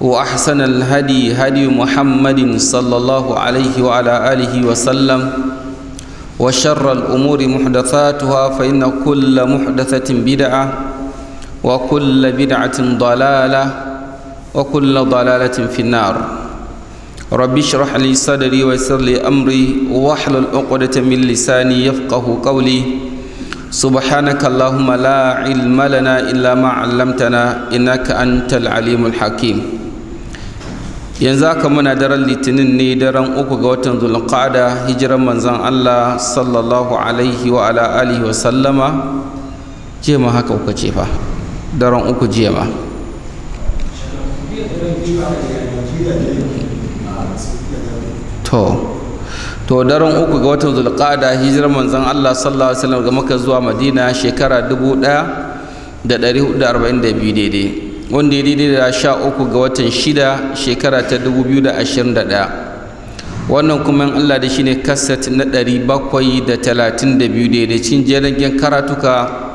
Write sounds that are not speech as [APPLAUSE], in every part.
وأحسن الهدي هدي محمد صلى الله عليه وعلى آله وسلم وشر الأمور محدثاتها فإن كل محدثة بدعة وكل بدعة ضلالة وكل ضلالة في النار رب اشرح لي صدري ويسر لي أمري واحلل عقدة من لساني يفقه قولي سبحانك اللهم لا علم لنا إلا ما علمتنا إنك أنت العليم الحكيم yanzu aka muna daren litinin ne daren uku ga watan zulqa'ada hijiran manzan allah sallallahu alaihi wa ala alihi wa sallama ce ma haka uka ce fa daren uku je ma to to daren uku ga watan zulqa'ada hijiran manzan allah sallallahu alaihi wa sallam ga maka zuwa madina shekara dubu ɗaya da ɗari hudu arba'in da biyu daidai wanda ya daidai da sha uku ga watan shida shekara ta dubu biyu da ashirin da ɗaya wannan kuma in allah da shi ne kasat na ɗari bakwai da talatin da biyu daidaicin jiragen karatuka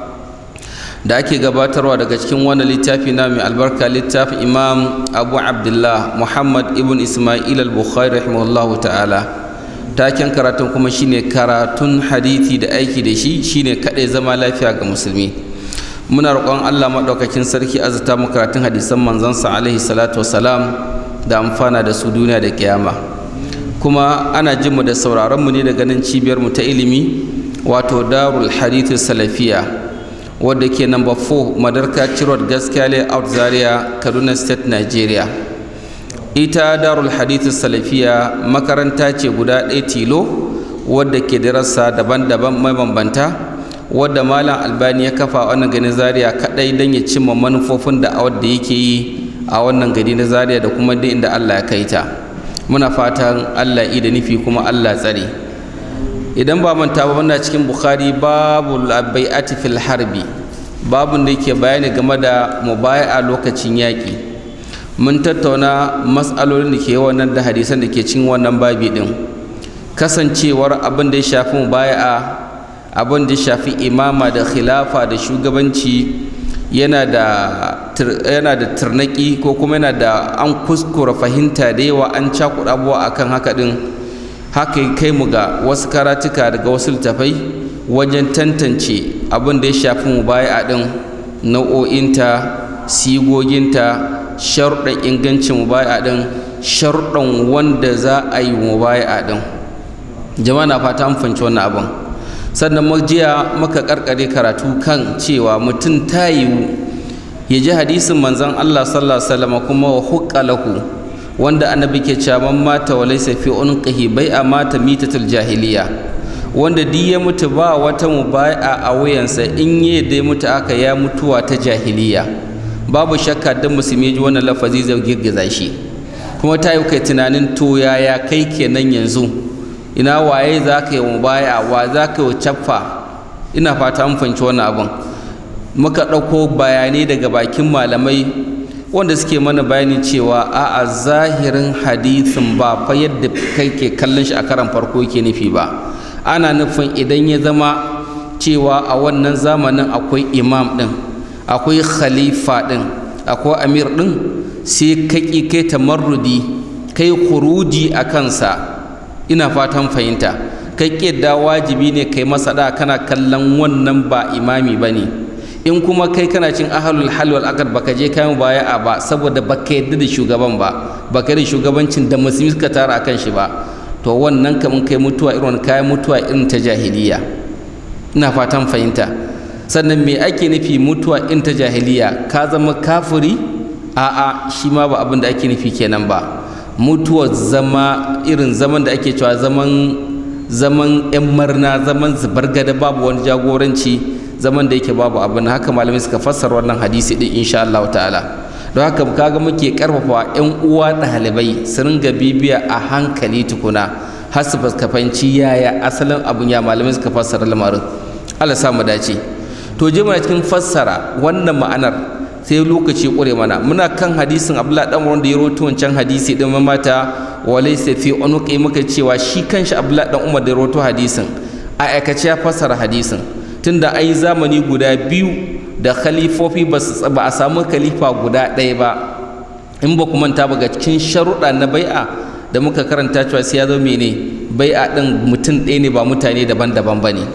da ake gabatarwa daga cikin wannan littafi na mai albarka littafin imam abu abdullah muhammad ibn ismail al-bukhari rahimahullah ta'ala taken karatun kuma shine karatun hadithi da aiki da shi shine kaɗai zama lafiya ga musulmi muna roƙon Allah maɗaukakin sarki azurta mu karatun hadisan manzansa alaihi salatu wasalam da amfana da su duniya da kiyama kuma ana jin mu da sauraron mu ne daga nan cibiyar mu ta ilimi wato darul hadithu salafiya wadda ke namba 4 madarka cirod gaskiya layout zaria kaduna state nigeria ita darul hadithu salafiya makaranta ce guda ɗaya tilo wadda ke darasa daban-daban mabambanta wadda malam albani ya kafa wannan garin Zariya kadai don ya cimma manufofin da da yake yi a wannan gani na Zariya da kuma da inda allah ya kai ta muna fatan allah da nufi kuma allah tsare idan ba manta ba muna cikin bukhari babu labai fil harbi babun da yake bayani game da mubaya'a lokacin yaƙi mun tattauna matsalolin da ke wannan da hadisan da ke cin wannan babi din kasancewar abin da ya shafi mubaya'a abin da shafi imama da khilafa da shugabanci yana da tarnaki ko kuma yana da an kuskura fahimta da yawa an cakuɗa abuwa kan haka ɗin haka kai mu ga wasu karatuka daga wasu littafai wajen tantance abin da ya shafi mu baya a ɗin nau'o'inta sigoginta sharuɗan ingancin mu baya a ɗin sharuɗan wanda za a yi mu baya a ɗin jama'a na fata an fahimci wannan abin sannan jiya maka karkare karatu kan cewa mutum ta yiwu ya ji hadisin manzon Allah sallallahu alaihi wasallam kuma wa hukalaku. wanda annabi ke caman mata wa laysa fi unqihi bai'a mata mitatul jahiliya wanda di ya mutu ba wata mubai'a a wayansa in ya dai mutu aka ya mutuwa ta jahiliya babu shakka dan musulmi ji wannan lafazi zai girgiza shi kuma ta yi kai tunanin to yaya kai kenan yanzu ina waye za ka yi mubaya wa za ka yi caffa ina fata fahimci wannan abin muka ɗauko bayanai daga bakin malamai wanda suke mana bayani cewa a'a zahirin hadisin ba fa yadda kai ke kallon shi a karan farko yake nufi ba ana nufin idan ya zama cewa a wannan zamanin akwai imam ɗin akwai khalifa ɗin akwai amir ɗin sai ka kai tamarrudi kai kuruji a kansa ina fatan fahimta kai ƙidda wajibi ne kai masa da kana kallon wannan ba imami ba ne in kuma kai kana cin ahalul hal wal akad baka je kayan baya a ba saboda baka yadda da shugaban ba baka da shugabancin da musulmi suka tara akan shi ba to wannan kamun kai mutuwa irin kayan mutuwa irin ta jahiliya ina fatan fahimta sannan me ake nufi mutuwa in ta jahiliya ka zama kafiri a'a shi ma ba abin da ake nufi kenan ba mutuwar zama irin zaman da ake cewa zaman zaman yan marna zaman zubar gada babu wani jagoranci zaman da yake babu abin haka malamai suka fassara wannan hadisi din insha Allah ta'ala don haka kaga muke karfafa yan uwa ɗalibai su ringa bibiya a hankali tukuna har su fahimci yaya asalin abun ya malamai suka fassara lamarin Allah sa mu dace to je mana cikin fassara wannan ma'anar sai lokaci kure mana muna kan hadisin abdullahi dan umar da ya rawaito wancan hadisi din mata walaysa fi unuqi muka cewa shi kanshi abdullahi dan umar da ya rawaito hadisin a aikace ya fassara hadisin tunda ai zamani guda biyu da khalifofi ba a samu khalifa guda ɗaya ba in ba ku manta ba ga cikin sharuɗa na bai'a da muka karanta cewa sai ya zo mene bai'a ɗin mutum ɗaya ne ba mutane daban-daban ba ne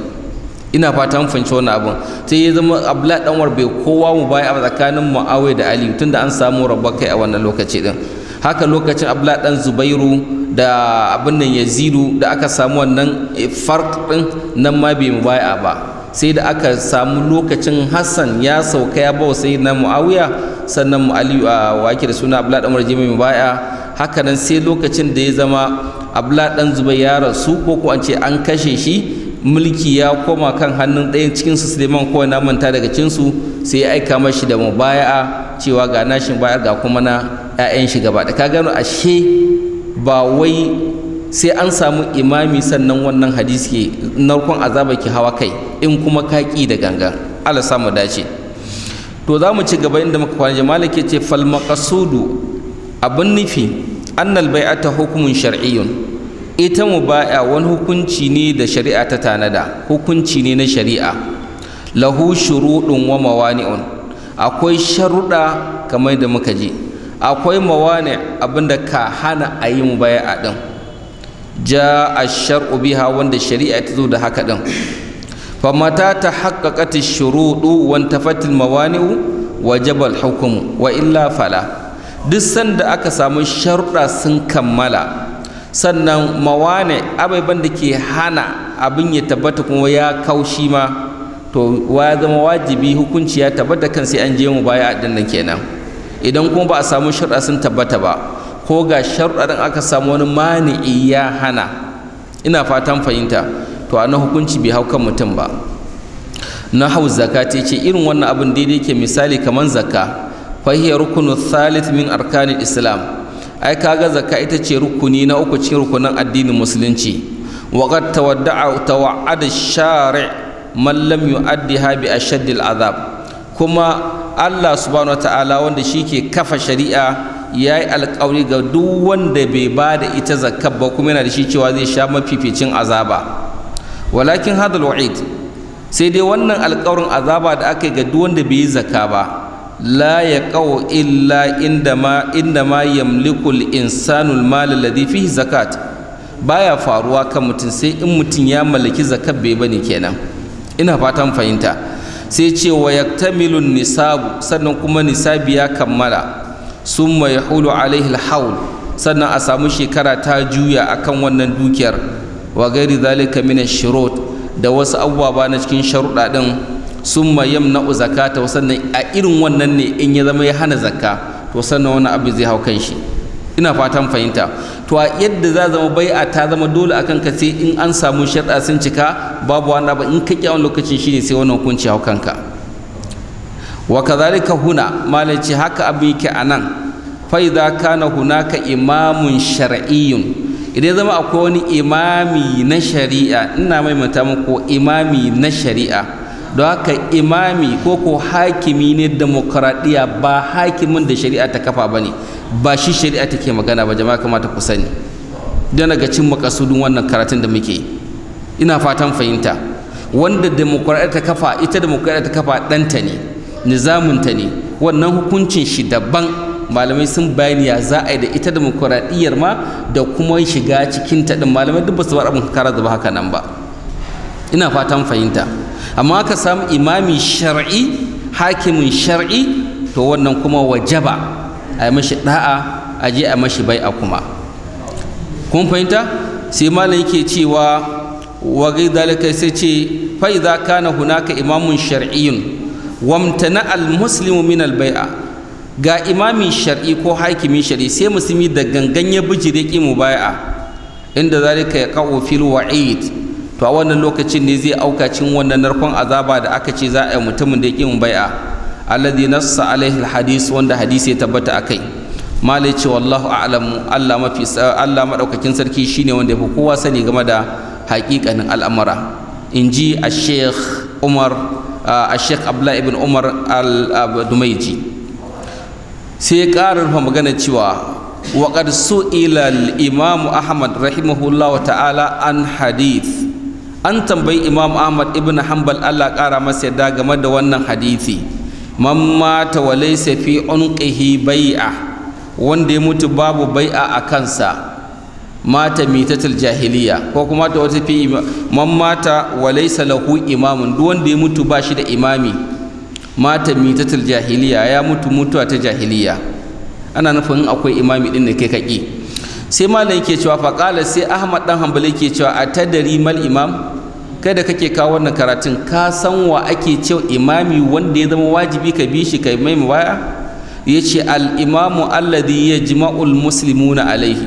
ina fata mun fahimci wannan abun sai ya zama abdullahi dan bai kowa mu baya a tsakanin muawiya da ali tunda an samu rabba kai a wannan lokaci din haka lokacin abdullahi dan zubairu da abin nan yazidu da aka samu wannan eh, farq din nan ma bai mu baya ba sai da aka samu lokacin hassan ya sauka ya bawa sai na muawiya sannan ali ah, a wake da suna abdullahi dan warje mai baya haka nan sai lokacin da ya zama abdullahi dan zubairu ya rasu ko ko an ce an kashe shi mulki ya koma kan hannun ɗayan cikinsu suleiman kowai na manta daga cinsu sai ya aika mashi da mubaya'a cewa ga nashin baya ga kuma na 'ya'yan shi gaba da ka gano ashe ba wai sai an samu imami sannan wannan hadisi ke narkon azaba ki hawa kai in kuma kaki da gangan Allah samu dace to za mu ci gaba inda muka kwana jama'a ke ce fal abin nufi annal bai'ata hukumun shar'iyyun ita mubaya wani hukunci ne da shari'a ta tanada hukunci ne na shari'a lahu shuruɗun wa mawani'un akwai sharuɗa kamar da muka ji akwai mawani abinda ka hana a yi mubaya'a ɗin ja a shar'u biha wanda shari'a ta zo da haka ɗin famata ta haƙaƙat shuruɗu wan tafatil mawani'u wajabal hukumu wa illa fala duk sanda aka samu sharuɗa sun kammala sannan mawane ababen da ke hana abin ya tabbata kuma ya kaushi ma to ya zama wajibi hukunci ya tabbata kan sai an je mu baya din kenan idan kuma ba a samu shar'a sun tabbata ba ko ga shar'a din aka samu wani mani'i ya hana ina fatan fahimta to a na hukunci bai hau kan mutum ba na hau zakati ce irin wannan abin daidai ke misali kamar zakka fahiyar hiya rukunu thalith min arkanin islam ai kaga zakka ita ce rukuni na uku cikin rukunin addinin musulunci wa qad tawadda'a tawa'ada shari man lam yu'addiha bi ashaddi azab kuma Allah subhanahu wataala wanda ke kafa shari'a ya yi alkawari ga duk wanda bai ba da ita zakkar ba kuma yana da shi cewa zai sha mafificin azaba walakin hadal wa'id sai dai wannan alkawarin azaba da aka yi ga duk wanda bai yi zakka ba la ya kawo illa inda ma yamlikul insanul mal fihi zakat baya faruwa kan mutum sai in mutum ya mallaki zakat bai bane kenan ina fatan fahimta sai ce wa yaktamilun nisabu sannan kuma nisabi ya kammala summa yahulu alaihi alhawl sannan a samu shekara ta juya akan wannan dukiyar wa gairi zalika min shirot da wasu abubuwa na cikin sharuɗa din summa yamna'u zakata sannan a irin wannan ne in ya zama ya hana zakka to sannan wani abu zai hau kan shi ina fatan fahimta to a yadda za zama a ta zama dole akan ka sai in an samu shar'a sun cika babu wani abu in ka wani lokacin shine sai wannan hukunci hau kanka wa kadhalika huna malaci haka abin yake anan fa idza kana hunaka imamun shar'iyyun idan zama akwai wani imami na shari'a ina maimaita muku imami na shari'a don haka imami ko ko hakimi ne demokradiyya ba hakimin da shari'a ta kafa ba ne ba shi shari'a take magana ba jama'a kamata ku sani don daga cin makasudin wannan karatun da muke ina fatan fahimta wanda demokradiyya ta kafa ita demokradiyya ta kafa ɗanta ne nizamunta ne wannan hukuncin shi daban malamai sun bayani ya za a yi da ita demokradiyyar ma da kuma shiga cikin ta din malamai duk ba su bar abin kara zuba haka nan ba ina fatan fahimta amma ka samu imami shar'i hakimin shar'i to wannan kuma wajaba a yi mashi da'a a je a mashi bai'a kuma kun fahimta sai malam yake cewa wa dalika sai ce fa idza kana hunaka imamun shar'iyyun wamtana al-muslimu min al-bai'a ga imami shar'i ko hakimin shar'i sai musulmi da gangan ya bijire ki mu bai'a inda zalika ya kawo fil wa'id to a wannan lokacin ne zai auka cikin wannan narkon azaba da aka ce za a yi mutumin da yake bai'a alladhi nassa alaihi alhadis wanda hadisi ya tabbata akai malai ce wallahu a'lamu Allah mafi Allah madaukakin sarki shine wanda yafi kowa sani game da haƙiƙanin al'amara inji ash-sheikh Umar ash-sheikh Abdullah ibn Umar al-Dumaiji sai ya ƙara magana cewa وقد سئل الإمام أحمد رحمه الله ta'ala an حديث an tambayi imam ahmad ibn hanbal allah kara masa yadda game da wannan hadithi man mata wa laysa fi unqihi bai'a wanda ya mutu babu bai'a a kansa mata mitatul jahiliya ko kuma ta wata fi man mata wa laysa lahu imamun duk wanda ya mutu ba shi da imami mata mitatul jahiliya ya mutu mutuwa ta jahiliya ana nufin akwai imami din da kai kaki sai malam yake cewa faƙala sai ahmad dan hanbali yake cewa a tadari mal imam kai da kake kawo wannan karatun ka san wa ake cewa imami wanda ya zama wajibi ka bi shi kai mai waya ya ce al'imamu alladhi ya jima'ul muslimuna alaihi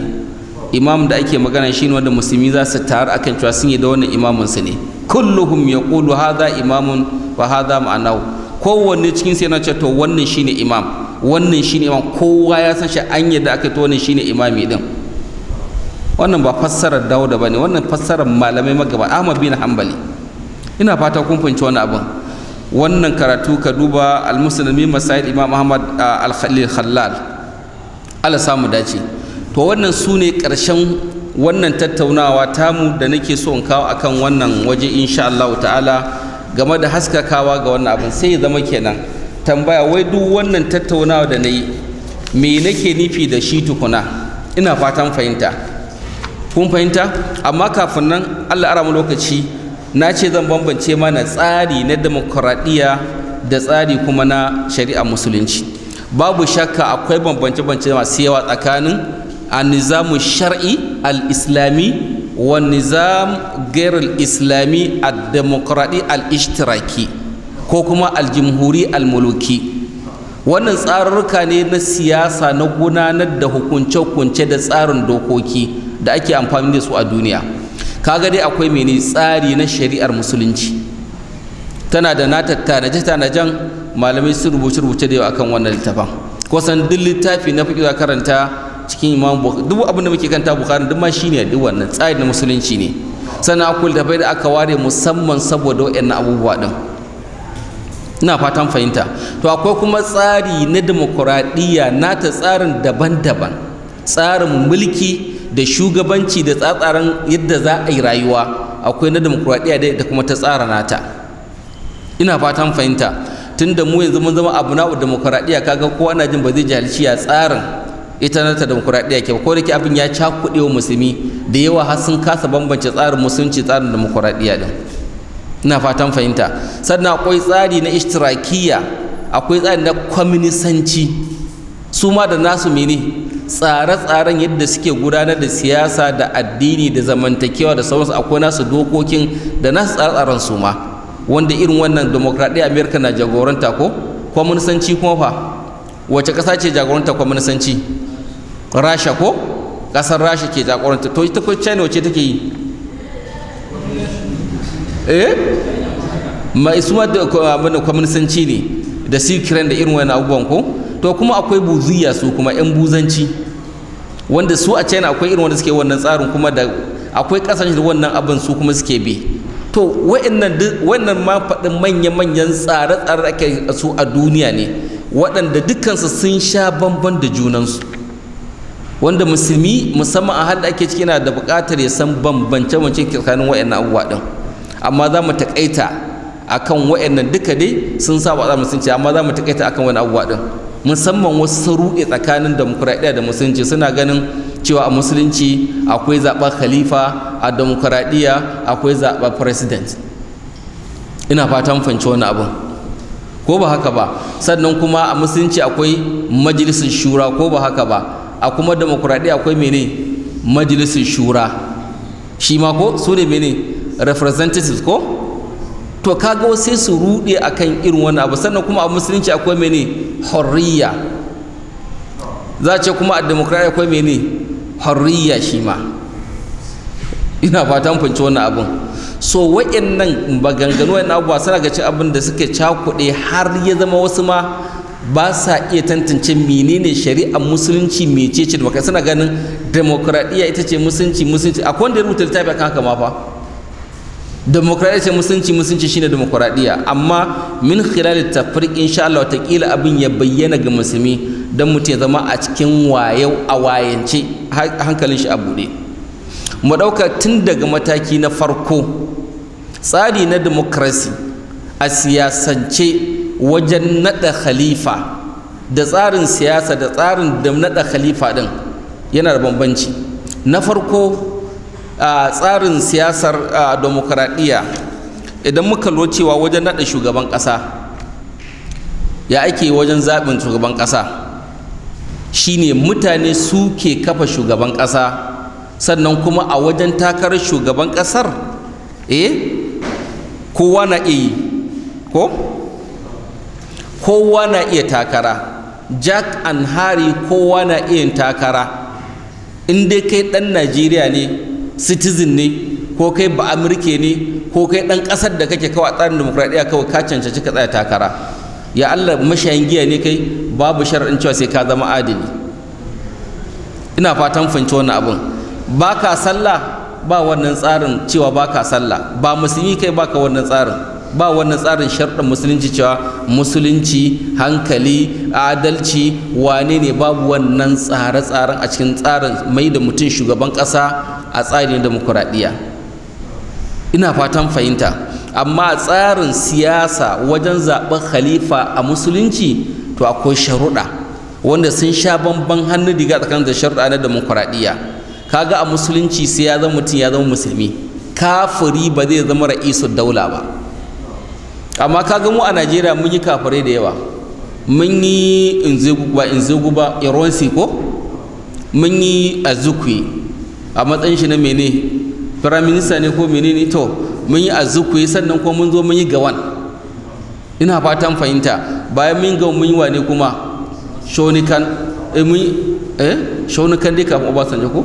imam da ake magana shi ne wanda musulmi za su taru a kan cewa sun yi da wannan imaminsu ne kulluhum ya ƙulu haza imamun wa haza ma'anahu kowanne cikin sai na ce to wannan shine imam wannan shine imam kowa ya san shi an yadda aka to wannan shine imami din wannan ba fassarar dauda ba ne wannan fassarar malamai magaba ahmad bin hanbali ina fata kun fahimci wani abin wannan karatu ka duba al-musulmi masayid imam ahmad al-khalil khallal ala samu dace to wannan su ne ƙarshen wannan tattaunawa tamu da nake so in kawo akan wannan waje insha Allah ta'ala game da haskakawa ga wannan abin sai ya zama kenan tambaya wai duk wannan tattaunawa da nayi me nake nufi da shi tukuna ina fatan fahimta kun fahimta amma kafin nan Allah ara mu lokaci na ce zan bambance mana tsari na demokuraɗiyya da tsari kuma na shari'a musulunci babu shakka akwai bambance-bambance masu yawa tsakanin a nizamun shar'i al-islami islami islami الإسلامي al ishtiraki ko kuma aljimhuri muluki wannan tsarurruka ne na siyasa na gudanar da hukunce-hukunce da tsarin dokoki da ake amfani da su a duniya kaga dai akwai mene tsari na shari'ar musulunci tana da nata na jan malamai sun rubuce rubuce da yau akan wannan littafin san duk littafi na fiƙi karanta cikin imam duk abin da muke kanta bukhari duk ma shine duk wannan tsari na musulunci ne sannan akwai littafai da aka ware musamman saboda waɗannan abubuwa din ina fatan fahimta to akwai kuma tsari na demokuraɗiyya nata tsarin daban-daban tsarin mulki da shugabanci da tsatsaran yadda za a yi rayuwa akwai na demokuraɗiyya da kuma ta tsara nata ina fatan fahimta tunda mu yanzu mun zama abu na demokuraɗiyya kaga kowa na jin ba zai jahilci ya tsarin ita na ta demokuraɗiyya ke ko da ke abin ya cakuɗe wa musulmi da yawa har sun kasa bambance tsarin musulunci tsarin demokuraɗiyya din ina fatan fahimta sannan akwai tsari na ishtirakiyya akwai tsari na kwaminisanci su ma da nasu mene tsare-tsaren yadda suke gudanar da siyasa da addini da zamantakewa da sauransu akwai nasu dokokin da nasu tsare-tsaren su ma wanda irin wannan demokradiyyar amerika na jagoranta ko kwamunisanci kuma fa wace ƙasa ce jagoranta kwamunisanci rasha ko ƙasar rasha ke jagoranta to ita ko china wace take yi eh ma suma da kwamunisanci ne da sikiran da irin wannan abubuwan ko to kuma akwai buziya su kuma yan buzanci wanda su a china akwai irin wanda suke wannan tsarin kuma da akwai kasashe da wannan abin su kuma suke bi to wa'annan ma faɗin manya-manyan tsare-tsare ake su a duniya ne waɗanda dukkansu sun sha bamban da junansu wanda musulmi musamman a hada ake ciki na da buƙatar ya san bambance-bambance tsakanin wa'annan abubuwa ɗin amma za mu taƙaita akan wa'annan duka dai sun sa za mu sun ce amma za mu taƙaita akan wani abubuwa ɗin musamman wasu saruƙe tsakanin demokuraɗiyya da musulunci suna ganin cewa a musulunci akwai zaɓar khalifa a demokuraɗiyya akwai zaɓar president ina fatan fahimci wani abin ko ba haka ba sannan kuma a musulunci akwai majalisar shura ko ba haka ba a kuma demokuraɗiyya akwai mene majalisar shura shi ma ko su ne mene representatives ko to kaga sai su ruɗe akan irin wani abu sannan kuma a musulunci akwai mene horiya za ce kuma a demokradiyya akwai mene horiya shi ma ina fatan fahimci wannan abin so wa'annan maganganu wa'in abubuwa suna ga cin abin da suke cakuɗe har ya zama wasu ma ba sa iya tantance menene shari'ar musulunci mecece da suna ganin demokradiyya ita ce musulunci musulunci akwai wanda ya rubuta littafi kan haka ma fa demokradiyya ce musulunci musulunci shine demokradiyya amma min khilal tafriq insha Allah kila abin ya bayyana ga musulmi dan mutum ya zama a cikin wayau a wayance hankalin shi a buɗe mu ɗauka tun daga mataki na farko tsari na demokrasi a siyasance wajen naɗa khalifa da tsarin siyasa da tsarin da naɗa khalifa ɗin yana da bambanci na farko tsarin siyasar demokradiyya idan muka lura cewa wajen naɗa shugaban ƙasa ya ake wajen zaɓin shugaban ƙasa shine mutane suke kafa shugaban ƙasa sannan kuma a wajen takarar shugaban ƙasar eh kowa na iya ko kowa na iya takara jack and harry kowa na iya takara in dai kai ɗan najeriya ne citizen ne ko kai ba amurke ne ko kai ɗan ƙasar da kake kawai tsarin demokradiyya kawai ka cancanci ka tsaya takara ya Allah mashayin giya ne kai babu shar'in cewa sai ka zama adali ina fatan fahimci wannan abin ba ka sallah ba wannan tsarin cewa ba ka sallah ba musulmi kai ba ka wannan tsarin ba wannan tsarin sharɗin musulunci cewa musulunci hankali adalci wane ne babu wannan tsare-tsaren a cikin tsarin mai da mutum shugaban ƙasa a tsarin demokuraɗiyya ina fatan fahimta amma a tsarin siyasa wajen zaɓen khalifa a musulunci to akwai sharuɗa wanda sun sha bamban hannu diga tsakanin da sharuɗa na demokuraɗiyya kaga a musulunci sai ya zama mutum ya zama musulmi kafiri ba zai zama ra'isu daula ba amma kaga mu a najeriya mun yi kafirai da yawa mun yi inzugu ba inzugu ba ironsi ko mun yi azukwe a matsayin shi na mene firaminista ne ko ne to mun yi azukwe sannan kuma mun zo mun yi gawan ina fatan fahimta bayan mun gawan mun yi wane kuma shonikan eh mun eh shonikan dai kafin obasanjo ko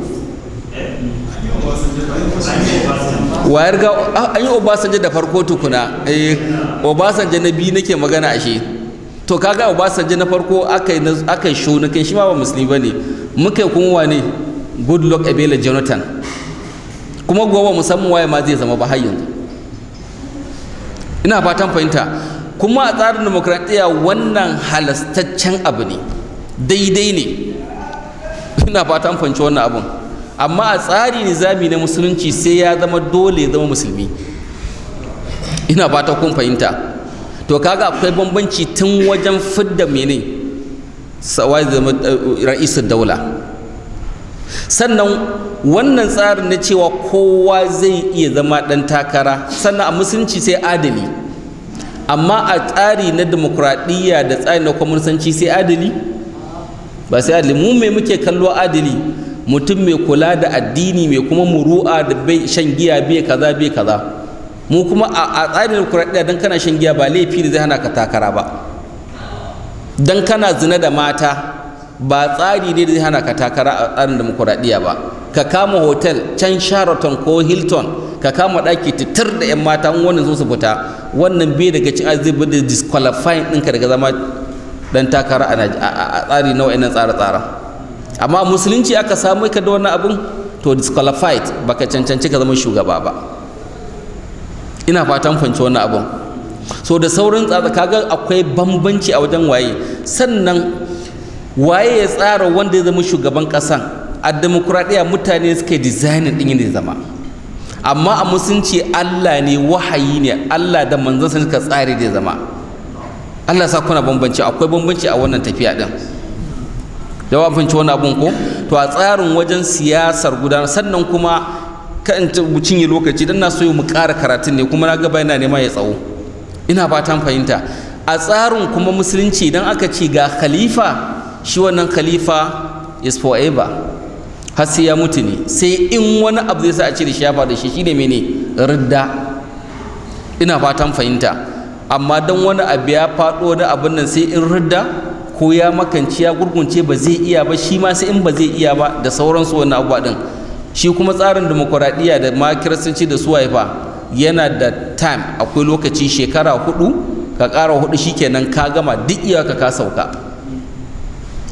wayar ga ah, an yi obasanjo da farko tukuna eh obasanjo na biyu nake magana ashe to kaga obasanjo na farko aka yi shonikan shi ma ba musulmi ba ne muka yi kuma wane goodluck ebele jonathan kuma gowa musamman waye ma zai zama ba har yanzu ina fatan fahimta kuma a tsarin demokradiyya wannan halastaccen abu ne daidai ne ina fatan fahimci wannan abun amma a tsari nizami na musulunci sai ya zama dole ya zama musulmi ina fata kun fahimta to kaga akwai bambanci tun wajen fidda mene sawai zama eh, ra'isul daula sannan wannan tsarin na cewa kowa zai iya zama ɗan takara sannan a musulunci sai adali amma a tsari na demokuraɗiyya da tsari na kwamusanci sai adali ba sai adali mu mai muke kallo adali mutum mai kula da addini mai kuma muru'a da bai shan giya bai kaza bai kaza mu kuma a tsari na demokuraɗiyya don kana shan giya ba laifi da zai hana ka takara ba don kana zina da mata ba tsari ne zai hana ka takara a tsarin demokuraɗiyya ba ka kama hotel can sharaton ko hilton ka kama ɗaki titir da 'yan mata wannan zo su fita wannan bai daga cin azibi da disqualifying ɗinka daga zama dan takara a tsari na wa'annan tsare-tsaren amma musulunci aka samu ka da wannan abin to disqualified baka cancanci ka zama shugaba ba ina fatan fahimci wannan abin so da saurin tsatsa kaga akwai bambanci a wajen waye sannan waye ya tsara wanda ya zama shugaban ƙasan a demokuraɗiyya mutane suke dizainin ɗin yin zama amma a musulunci Allah ne wahayi ne Allah da manzansa suka tsari da zama Allah sa kuna bambanci akwai bambanci a wannan tafiya ɗin da wafinci fahimci wani abun ko to a tsarin wajen siyasar gudanar sannan kuma kan cinye lokaci don na so mu ƙara karatun ne kuma na gaba yana nema ya tsawo ina fatan fahimta a tsarin kuma musulunci idan aka ce ga khalifa shi wannan khalifa is forever har sai ya mutu ne sai in wani abu zai sa a da shi ya faru shi shine mene ridda ina fatan fahimta amma dan wani abu ya faɗo da abin nan sai in ridda ko ya makanci ya gurgunce ba zai iya ba shi ma sai in ba zai iya ba da sauransu wannan abubuwa din shi kuma tsarin demokuraɗiyya da ma kiristanci da su haifa yana da time akwai lokaci shekara hudu ka ƙara hudu shikenan ka gama duk iyaka ka sauka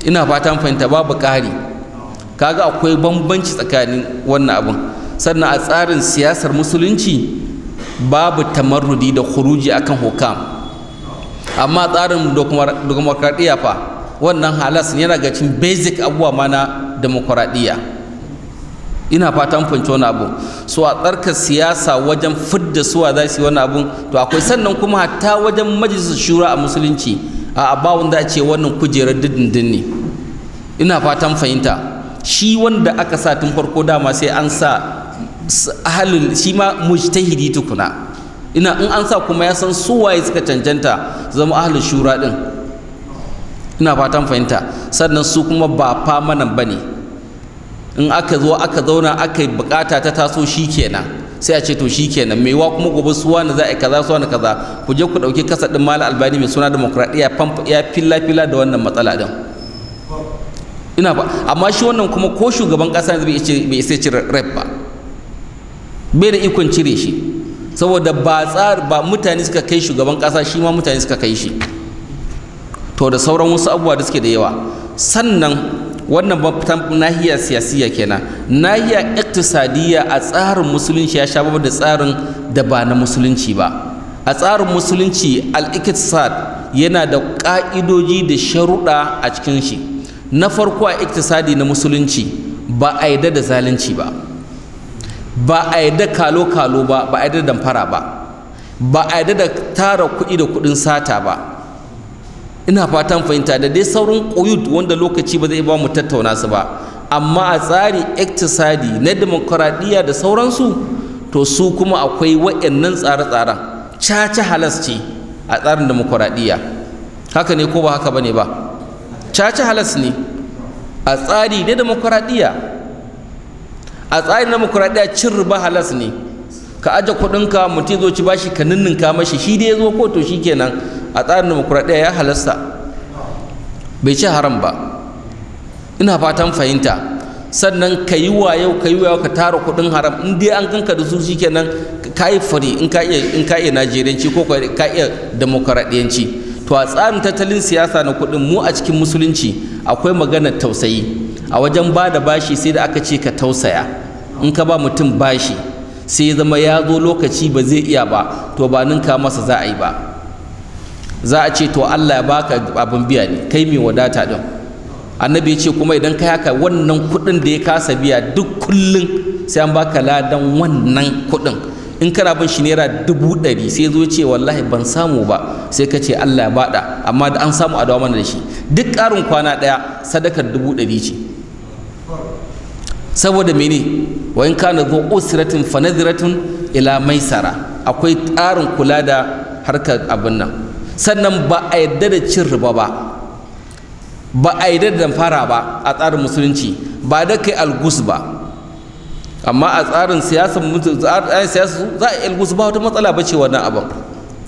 ina fatan fahimta babu ƙari kaga akwai bambanci tsakanin wannan abin sannan a tsarin siyasar musulunci babu tamarrudi da khuruji akan hukam amma tsarin demokradiyya fa wannan halas yana ga cikin basic abubuwa ma na demokradiyya ina fatan fahimci wani abu so a tsarkar siyasa wajen fidda suwa za su yi wani abun to akwai sannan kuma hatta wajen majalisar shura a musulunci a ba wanda ce wannan kujerar dindindin ne ina fatan fahimta shi wanda aka sa tun farko dama sai an sa halin shi ma mujtahidi tukuna ina in an sa kuma ya san su waye suka cancanta zama ahalul shura din ina fatan fahimta sannan su kuma ba famanan bane in aka zo aka zauna aka yi bukata ta taso shikenan sai a ce to shi kenan mai wa kuma gobe suwa na za a kaza suwa na kaza ku je ku dauki kasa din mala albani mai suna demokradiya ya filla filla da wannan matsala din ina ba amma shi wannan kuma ko shugaban kasa bai isa cire rep ba bai da ikon cire shi saboda ba tsar ba mutane suka kai shugaban kasa shi ma mutane suka kai shi to da sauran wasu abubuwa da suke da yawa sannan wannan nahiya siyasiya kenan nahiya iktisadiyya a tsarin musulunci ya sha da tsarin da ba na musulunci ba a tsarin musulunci al-iktisad yana da ka'idoji da sharuɗa a cikin shi na farko a iktisadi na musulunci ba a yi da zalunci ba ba a da kalo-kalo ba ba a yi da damfara ba ba a yi da tara kuɗi da kuɗin sata ba ina fatan fahimta da dai saurin ƙuyud wanda lokaci ba zai ba mu tattauna su ba amma a tsari iktisadi na demokuraɗiyya da sauransu to su kuma akwai wa'annan tsare-tsaren caca halas ce a tsarin demokuraɗiyya haka ne ko ba haka ba ne ba caca halas ne a tsari na demokuraɗiyya a tsarin demokuraɗiyya cin riba halas ne ka aje kuɗinka mutum zo ci bashi ka ninninka mashi shi dai ya zo ko to shi kenan a tsarin demokuraɗiyya ya halasta bai ci haram ba ina fatan fahimta sannan ka yi wa yau ka yi wa yau ka tara kuɗin haram in dai an ganka da su shi kenan ka yi fari in ka iya in ka iya najeriyanci ko ka iya demokuraɗiyanci to a tsarin tattalin siyasa na kuɗin mu a cikin musulunci akwai maganar tausayi a wajen ba da bashi sai da aka ce ka tausaya in ka ba mutum bashi sai zama ya zo lokaci ba zai iya ba to ba ninka masa za a yi ba za a ce to Allah ya baka abin biya ne kai mai wadata din annabi ya ce kuma idan kai haka wannan kuɗin da ya kasa biya duk kullun sai an baka ladan wannan kuɗin in kana bin shi naira dubu ɗari sai zo ce wallahi ban samu ba sai ka ce Allah ya bada amma da an samu adawa mana da shi duk ƙarin kwana ɗaya sadakar dubu ɗari ce saboda mene wa in kana zo usratin fa nadhiratun ila maisara akwai tsarin kula da harkar abin nan sannan ba a yadda da cin riba ba ba a yadda da fara ba a tsarin musulunci ba da kai algus ba amma a tsarin siyasar siyasa za a algus ba wata matsala ba ce wannan abin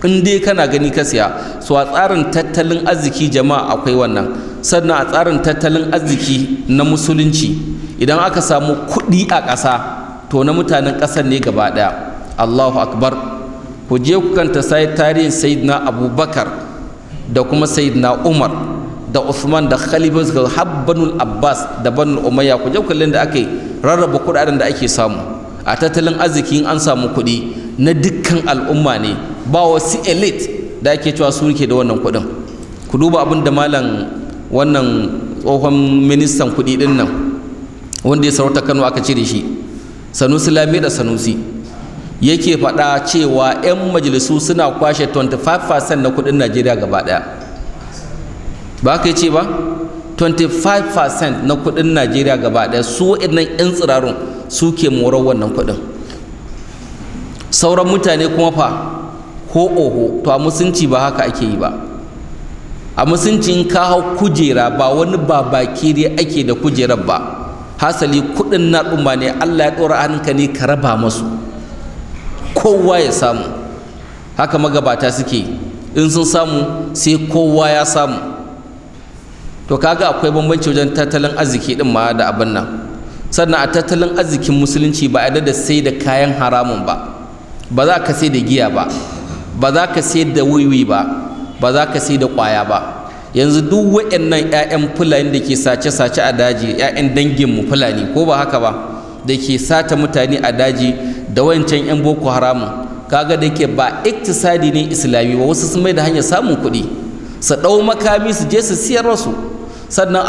in dai kana gani ka siya so a tsarin tattalin arziki jama'a akwai wannan sannan a tsarin tattalin arziki na musulunci idan aka samu kuɗi a ƙasa to na mutanen ƙasar ne gaba ɗaya allahu akbar ku je ku kanta sai tarihin sayyidina abubakar da kuma sayyidina umar da usman da khalifa su habbanul abbas da banul umayya ku je kallon da aka rarraba kuɗaɗen da ake samu a tattalin arziki an samu kuɗi na dukkan al'umma ne ba wasu elite da ake cewa su ke da wannan kuɗin ku duba abin da malam wannan tsohon ministan kuɗi ɗin nan wanda ya sarauta kano aka cire shi sanusi lami da sanusi yake faɗa cewa 'yan majalisu suna kwashe 25% na kuɗin najeriya gaba ɗaya ba ka ce ba 25% na kuɗin najeriya gaba ɗaya su waɗannan 'yan tsirarun su ke morar wannan kuɗin sauran mutane kuma fa ko oho to a musunci ba haka ake yi ba a musuncin ka hau kujera ba wani babaki ne ake da kujerar ba hasali kudin na ɗuma ne Allah ya ɗora hannunka ne ka raba masu kowa ya samu haka magabata suke in sun samu sai kowa ya samu to kaga akwai bambanci wajen tattalin arziki ɗin ma da abin nan sannan a tattalin arzikin musulunci ba a da sai da kayan haramun ba ba za ka sai da giya ba ba za ka sai da wiwi ba ba za ka sai da ƙwaya ba yanzu duk wayannan 'ya'yan fulani da ke sace-sace a daji 'ya'yan danginmu fulani ko ba haka ba da ke sata mutane a daji da wancan 'yan boko haramun kaga da ke ba iktisadi ne islami ba wasu sun mai da hanyar samun kuɗi su ɗau makami su je su siyar su sannan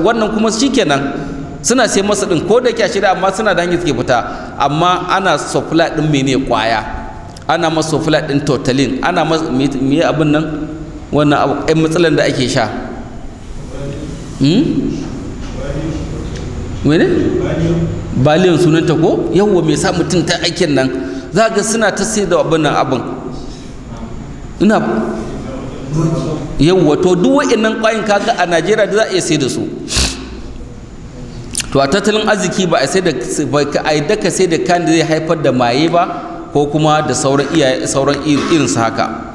wannan kuma shikenan suna sai masa ɗin ko da ke shirya amma suna da hanyar suke fita amma ana supply ɗin mene kwaya ana masu flat din totalin ana masu me abin nan wannan abu ɗan matsalan da ake sha hmm? mene baliyan sunanta ko yawwa me sa mutum ta aikin nan za ga suna ta sai da abin nan abin ina yawwa to duk wa'annan ƙwayin kaga a najeriya da za a iya sai da su to a tattalin arziki ba a sai da ba daka sai da kan da zai haifar da maye ba ko kuma da sauran iyaye sauran irin su haka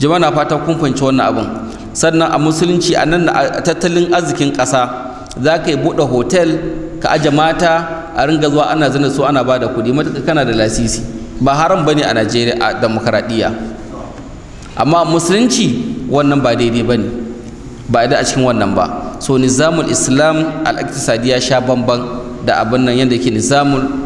jama'a na fata kun fahimci wannan abin sannan a musulunci a nan a tattalin arzikin ƙasa za ka yi buɗe hotel ka aje mata a ringa zuwa ana zina su ana ba bada kuɗi matuƙa kana da lasisi ba haram bane a Najeriya a demokradiyya amma musulunci wannan ba daidai ba ne ba a cikin wannan ba so nizamul islam al-iqtisadi ya sha bamban da abin nan yadda ke nizamul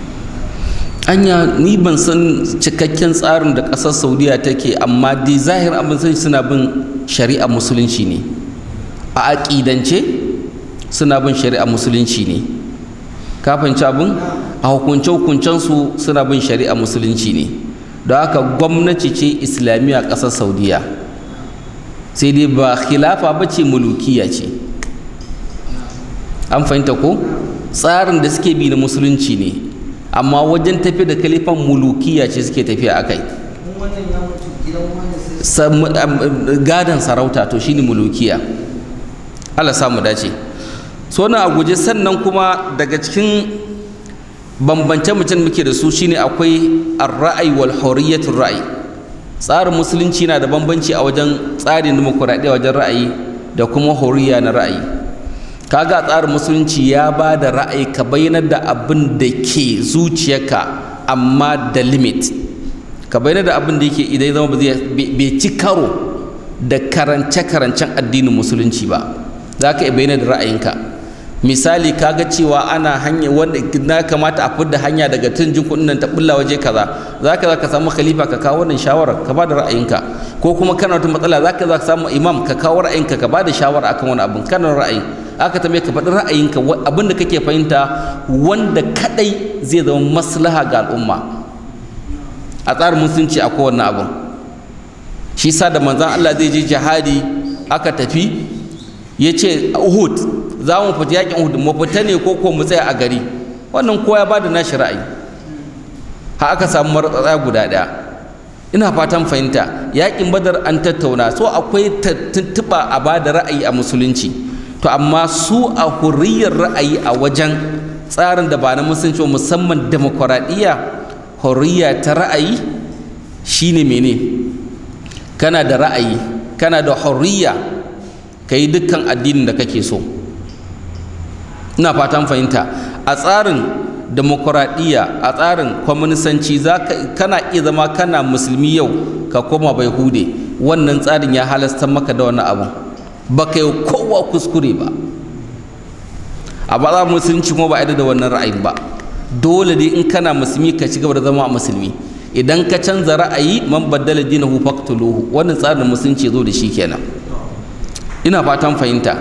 anya ni ban san cikakken tsarin da ƙasar saudiya take amma dai zahir abin san suna bin shari'a musulunci ne a aƙidance suna bin shari'a musulunci ne Kafin abin a hukunce hukuncensu suna bin shari'a musulunci ne don haka gwamnati ce islamiyya ƙasar saudiya sai dai ba khilafa ba ce mulukiya ce an fahimta ko tsarin da suke bi na musulunci ne amma wajen tafi da kalifan mulukiya ce suke tafiya a kai gadon sarauta to shi ne mulukiya Allah samu dace so na guje sannan kuma daga cikin bambance mutum muke da su shine akwai ar-ra'ayi wal hurriyatur ra'ayi tsarin musulunci na da bambanci a wajen tsarin dimokuraɗiyya wajen ra'ayi da kuma horiyya na ra'ayi kaga tsarin musulunci ya ba da ra'ayi ka bayyana da abin da ke zuciyarka amma da limit ka bayyanar da abin da yake idan ya zama bai ci karo da karance-karancen addinin musulunci ba za ka iya bayyana da ra'ayinka misali kaga cewa ana hanya wanda na kamata a fidda hanya daga tun jin nan ta bulla waje kaza ka za ka samu khalifa ka kawo wannan shawara ka ba da ra'ayinka ko kuma kana wata matsala za ka samu imam ka kawo ra'ayinka ka ba da shawara akan wani abin kana ra'ayi. aka tambaye ka faɗi ra'ayinka abin da kake fahimta wanda kadai zai zama maslaha ga al'umma a tsarin musulunci a kowane abin shi sa da manzan Allah zai je jihadi aka tafi ya ce Uhud za mu fita yakin Uhud mu fita ne ko ko mu tsaya a gari wannan kowa ya bada nashi ra'ayi ha aka samu matsaya guda ɗaya ina fatan fahimta yakin badar an tattauna so akwai tuntuɓa a bada ra'ayi a musulunci to amma su a hurriyar ra'ayi a wajen tsarin da ba na musulunci musamman demokuraɗiyya hurriya ta ra'ayi shine mene kana da ra'ayi kana da hurriya ka yi dukkan addinin da kake so ina fatan fahimta a tsarin demokuraɗiyya a tsarin kwaminisanci kana iya zama kana musulmi yau ka koma bai hude wannan tsarin ya halasta maka da wani abu ba yi kowa kuskure ba a ba za musulunci kuma ba a da wannan ra'ayin ba dole ne in kana musulmi ka ci gaba da zama musulmi idan ka canza ra'ayi man baddala dinahu faqtuluhu wannan tsarin musulunci zo da shi kenan ina fatan fahimta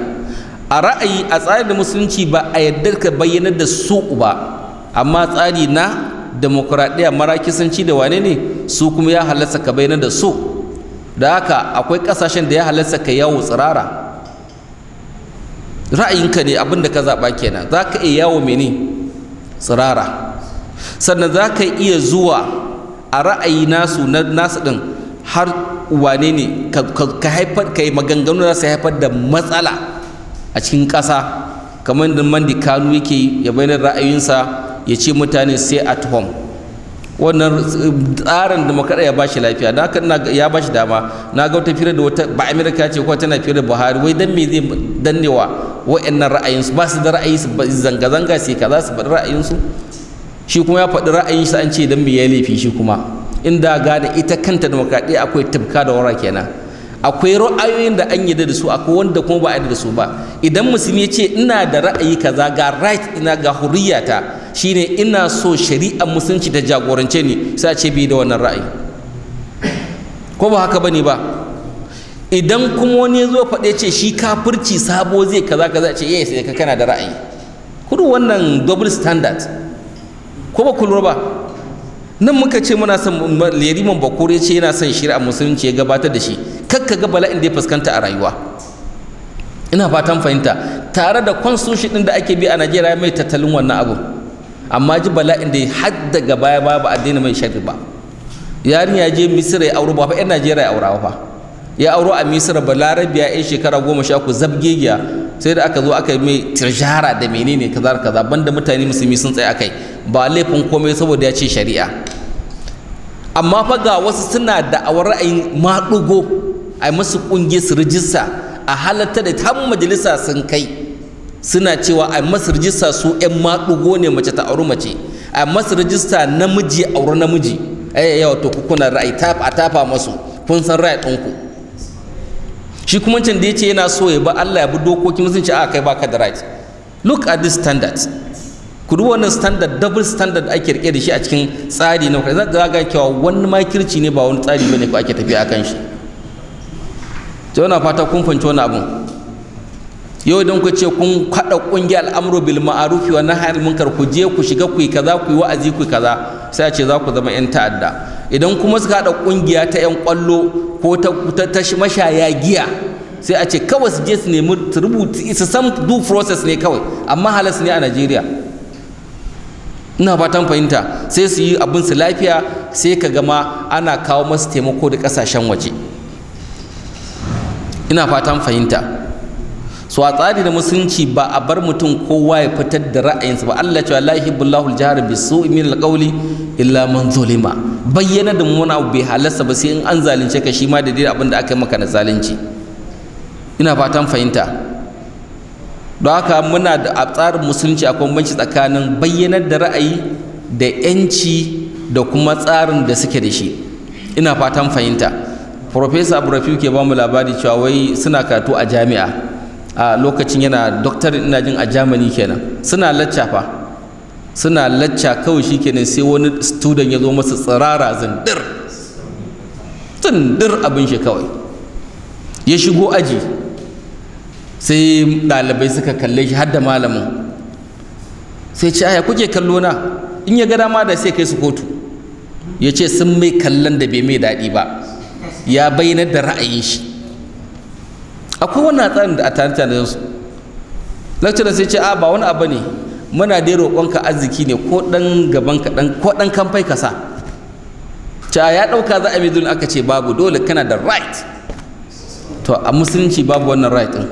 a ra'ayi a tsarin musulunci ba a yadda ka bayyana da su ba amma tsari na demokuraɗiyya marakisanci da wane ne su kuma ya halasta ka bayyana da su da haka akwai ƙasashen da ya halasta ka yawo tsirara ra'ayinka ne abinda ka zaɓa kenan za ka iya yawo mene tsirara sannan za ka iya zuwa a ra'ayi nasu na nasu ɗin har wane ne ka haifar ka yi maganganu za su haifar da matsala a cikin ƙasa kamar da mandi kanu yake ya bayyana ra'ayinsa ya ce mutane sai at home wannan eh, tsarin da ya ya bashi lafiya na kan ya bashi dama na ga wata firar da wata ba amerika ce ko tana firar buhari wai dan me zai dannewa wa'annan ra'ayinsu ba su da ra'ayi su zanga-zanga sai kaza su faɗi ra'ayinsu shi kuma ya faɗi ra'ayin shi an ce dan me ya laifi shi kuma inda gane ita kanta demokradiyya akwai tabka da wara kenan akwai ra'ayoyin da an yarda da su akwai wanda kuma ba a da su ba idan musulmi ya ce ina da ra'ayi kaza ga right ina ga hurriyata shine ina so shari'ar musulunci ta jagorance ni sai a ce bai da wannan ra'ayi ko ba haka bane ba idan kuma wani ya zo faɗe ce shi kafirci sabo zai kaza kaza ce yes sai ka kana da ra'ayi kudu wannan double standard ko ba kullu ba nan muka ce muna son Leriman bakore ce yana son shari'ar musulunci ya gabatar da shi kakka ga bala'in da ya fuskanta a rayuwa ina fatan fahimta tare da constitution din da ake bi a Najeriya mai tattalin wannan abu amma ji bala'in da har daga baya ba ba daina mai sharri ba yarin ya je misira ya auro ba fa yan najeriya ya aura fa ya auro a misira ya yan shekara goma sha ku zabgegiya sai da aka zo aka yi mai tirjara da menene kaza kaza banda mutane musulmi sun tsaya kai ba laifin komai saboda ya ce shari'a amma fa ga wasu suna da awar ra'ayin maɗugo a masu ƙungiyar su rijista a halatta da ta majalisa sun kai suna cewa a masu rijista su 'yan maɗugo ne mace ta auri mace a masu rijista namiji auri namiji ai eh, eh, yawa to kuna ra'ayi a tafa masu kun san ra'ayi ɗinku shi kuma can da ya ce yana so ya ba Allah ya bi dokokin ce a kai baka da right look at this standard ku duba standard double standard ake rike da shi a cikin tsari na kai zaka ga cewa wani makirci ne ba wani tsari bane ko ake tafiya kan shi to fata kun fanci wannan abun yau idan ku ce kun haɗa ƙungiyar al'amuru bil ma'arufi wa nahar munkar ku je ku shiga ku yi kaza ku yi wa'azi ku kaza sai a ce za ku zama 'yan ta'adda idan kuma suka haɗa ƙungiya ta 'yan ƙwallo ko ta mashaya giya sai a ce kawai su je su nemi rubuta su san process ne kawai amma halas ne a Najeriya ina fatan fahimta sai su yi abin su lafiya sai ka gama ana kawo masu taimako da kasashen waje ina fatan fahimta so a tsari da musulunci ba a bar mutum kowa ya fitar da ra'ayinsa ba Allah cewa la Allahu al-jahra bisu'i min al-qawli illa man zulima bayyana da mun abu bai halarsa ba sai in an zalunce ka shi ma da dai abin da aka maka na zalunci ina fatan fahimta don haka muna da a tsarin musulunci akwai bambanci tsakanin bayyanar da ra'ayi da yanci da kuma tsarin da suke da shi ina fatan fahimta Profesa Abu Rafiu ke ba mu labari cewa wai suna karatu a jami'a a lokacin yana doktor ina jin a jamani kenan suna lacca fa suna lacca kawai shi kenan sai wani student ya zo masa tsirara zindir zindir abin shi kawai ya shigo aji sai ɗalibai suka kalle shi har da malamin sai ce aya kuke kallo na in ya ga dama da sai kai su kotu ya ce sun mai kallon da bai mai daɗi ba ya bayyana da ra'ayin shi akwai wannan tsarin da a tare tare su lecturer sai ce a ah, ba wani abu ne muna dai roƙonka arziki ne ko ɗan gaban ka ɗan ko ɗan kamfai ka sa ca ya ɗauka za a yi aka ce babu dole kana da right to a musulunci babu wannan right ɗin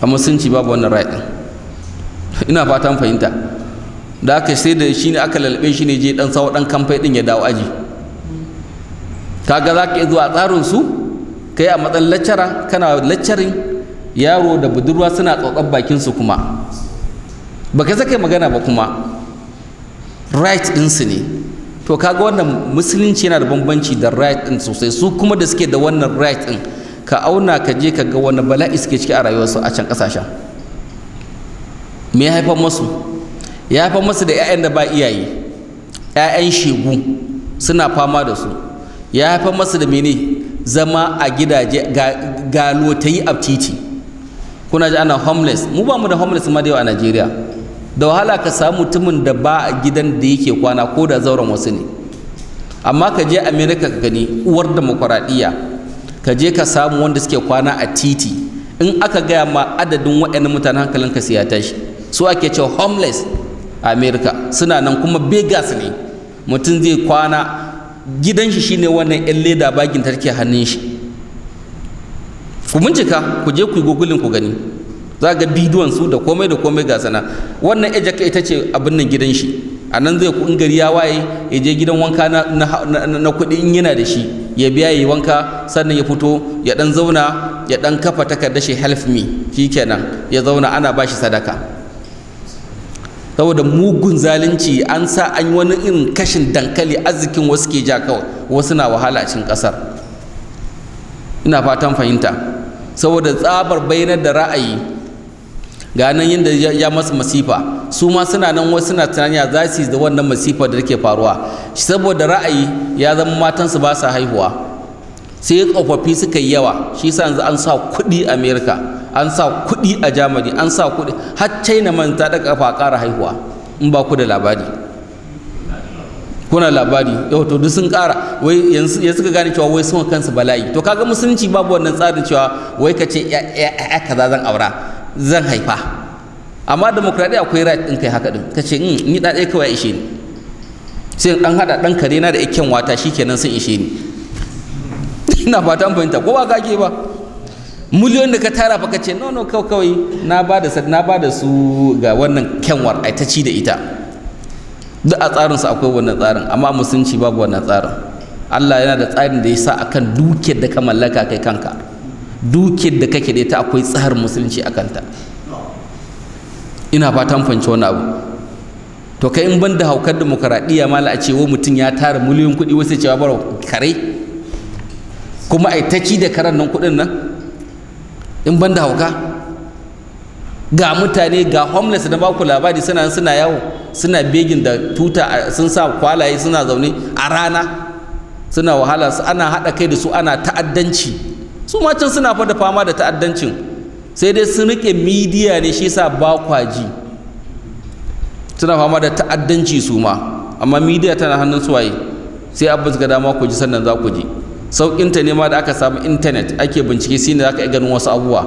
a musulunci babu wannan right ɗin ina fatan fahimta da aka sai da shi ne aka lalbe shi ne je ɗan sawo ɗan kamfai ɗin ya dawo aji kaga za ka iya zuwa tsarin su kai a matsayin laccara kana laccarin yaro da budurwa suna tsotsar bakinsu kuma ba baka zaka magana ba kuma right ɗinsu ne to kaga wannan musulunci yana da bambanci da right ɗin sosai su kuma da suke da wannan right ɗin ka auna ka je ka ga wani bala'i suke ciki a rayuwarsu a can ƙasashen me ya haifar masu ya haifar masu da 'ya'yan da ba iyaye 'ya'yan shegu suna fama da su ya haifar masu da mene zama a gidaje ga lotayi a titi kuna ji ana homeless mu ba mu da homeless ma da yawa a Najeriya da wahala ka samu mutumin da ba a gidan da yake kwana ko da zauren wasu ne amma ka je America ka gani uwar demokuraɗiyya ka je ka samu wanda suke kwana a titi in aka gaya ma adadin waɗannan mutane hankalin ka siya tashi su ake cewa homeless a America suna nan kuma begas ne mutum zai kwana gidan shi shine wannan yan leda bagin tarke hannun shi ku bincika ku je ku yi gogulin ku gani za ga bidiyon su da komai da komai ga sana wannan jaka ita ce abin nan gidan shi a nan zai ku ingari ya waye ya je gidan wanka na, kudi kuɗi in yana da shi ya biya ya yi wanka sannan ya fito ya ɗan zauna ya ɗan kafa takardar shi help me shikenan ya zauna ana ba shi sadaka saboda mugun zalunci an sa an yi wani irin kashin dankali arzikin wasu ke ja kawai wasu na wahala a cikin kasar ina fatan fahimta saboda tsabar bayanar da ra'ayi ga yadda ya masu masifa su ma suna nan wasu suna tunani a su yi da wannan masifa da take faruwa saboda ra'ayi ya zama matansu ba sa haihuwa sai tsofaffi suka yi yawa shi yasa yanzu an sa kuɗi amerika an sa kuɗi a jamani an sa kuɗi har china man ta da kafa ƙara haihuwa in ba ku da labari kuna labari yau to duk sun ƙara wai yanzu suka gane cewa wai sun kansu bala'i to kaga musulunci babu wannan tsarin cewa wai ka ce ya kaza zan aura zan haifa amma demokradiyya akwai right ɗin kai haka din ka ce hmm, ni da ɗaya kawai ishe ni sai ɗan haɗa ɗan kare na da ikken wata shikenan sun ishe ni [LAUGHS] ina fata an fahimta ko ba ka ke ba miliyon da ka tara fa ka ce no no kawai kawai na ba da na ba da su ga wannan kyanwar ai ta ci da ita duk a tsarin su akwai wannan tsarin amma musulunci babu wannan tsarin Allah yana da tsarin da ya sa akan dukiyar da ka mallaka kai kanka dukiyar da kake da ita akwai tsarin musulunci akan ta ina fatan fahimci wani abu to kai in ban da haukar demokaradiyya mala a ce wo mutum ya tara miliyon kuɗi wasu cewa baro kare kuma ai ta ci da karan nan kuɗin nan in ban da hauka ga mutane ga homeless da baku labari suna suna yawo suna begin da tuta sun sa kwalaye suna zaune a rana suna wahala ana haɗa kai da su ana ta'addanci su ma can suna da fama da ta'addancin sai dai sun rike midiya ne shi sa ba kwaji suna fama da ta'addanci su ma amma midiya tana hannun suwaye sai abbas ga dama ku ji sannan za ku ji sauƙinta ne ma da aka samu intanet ake bincike sai ne za ka ganin wasu abubuwa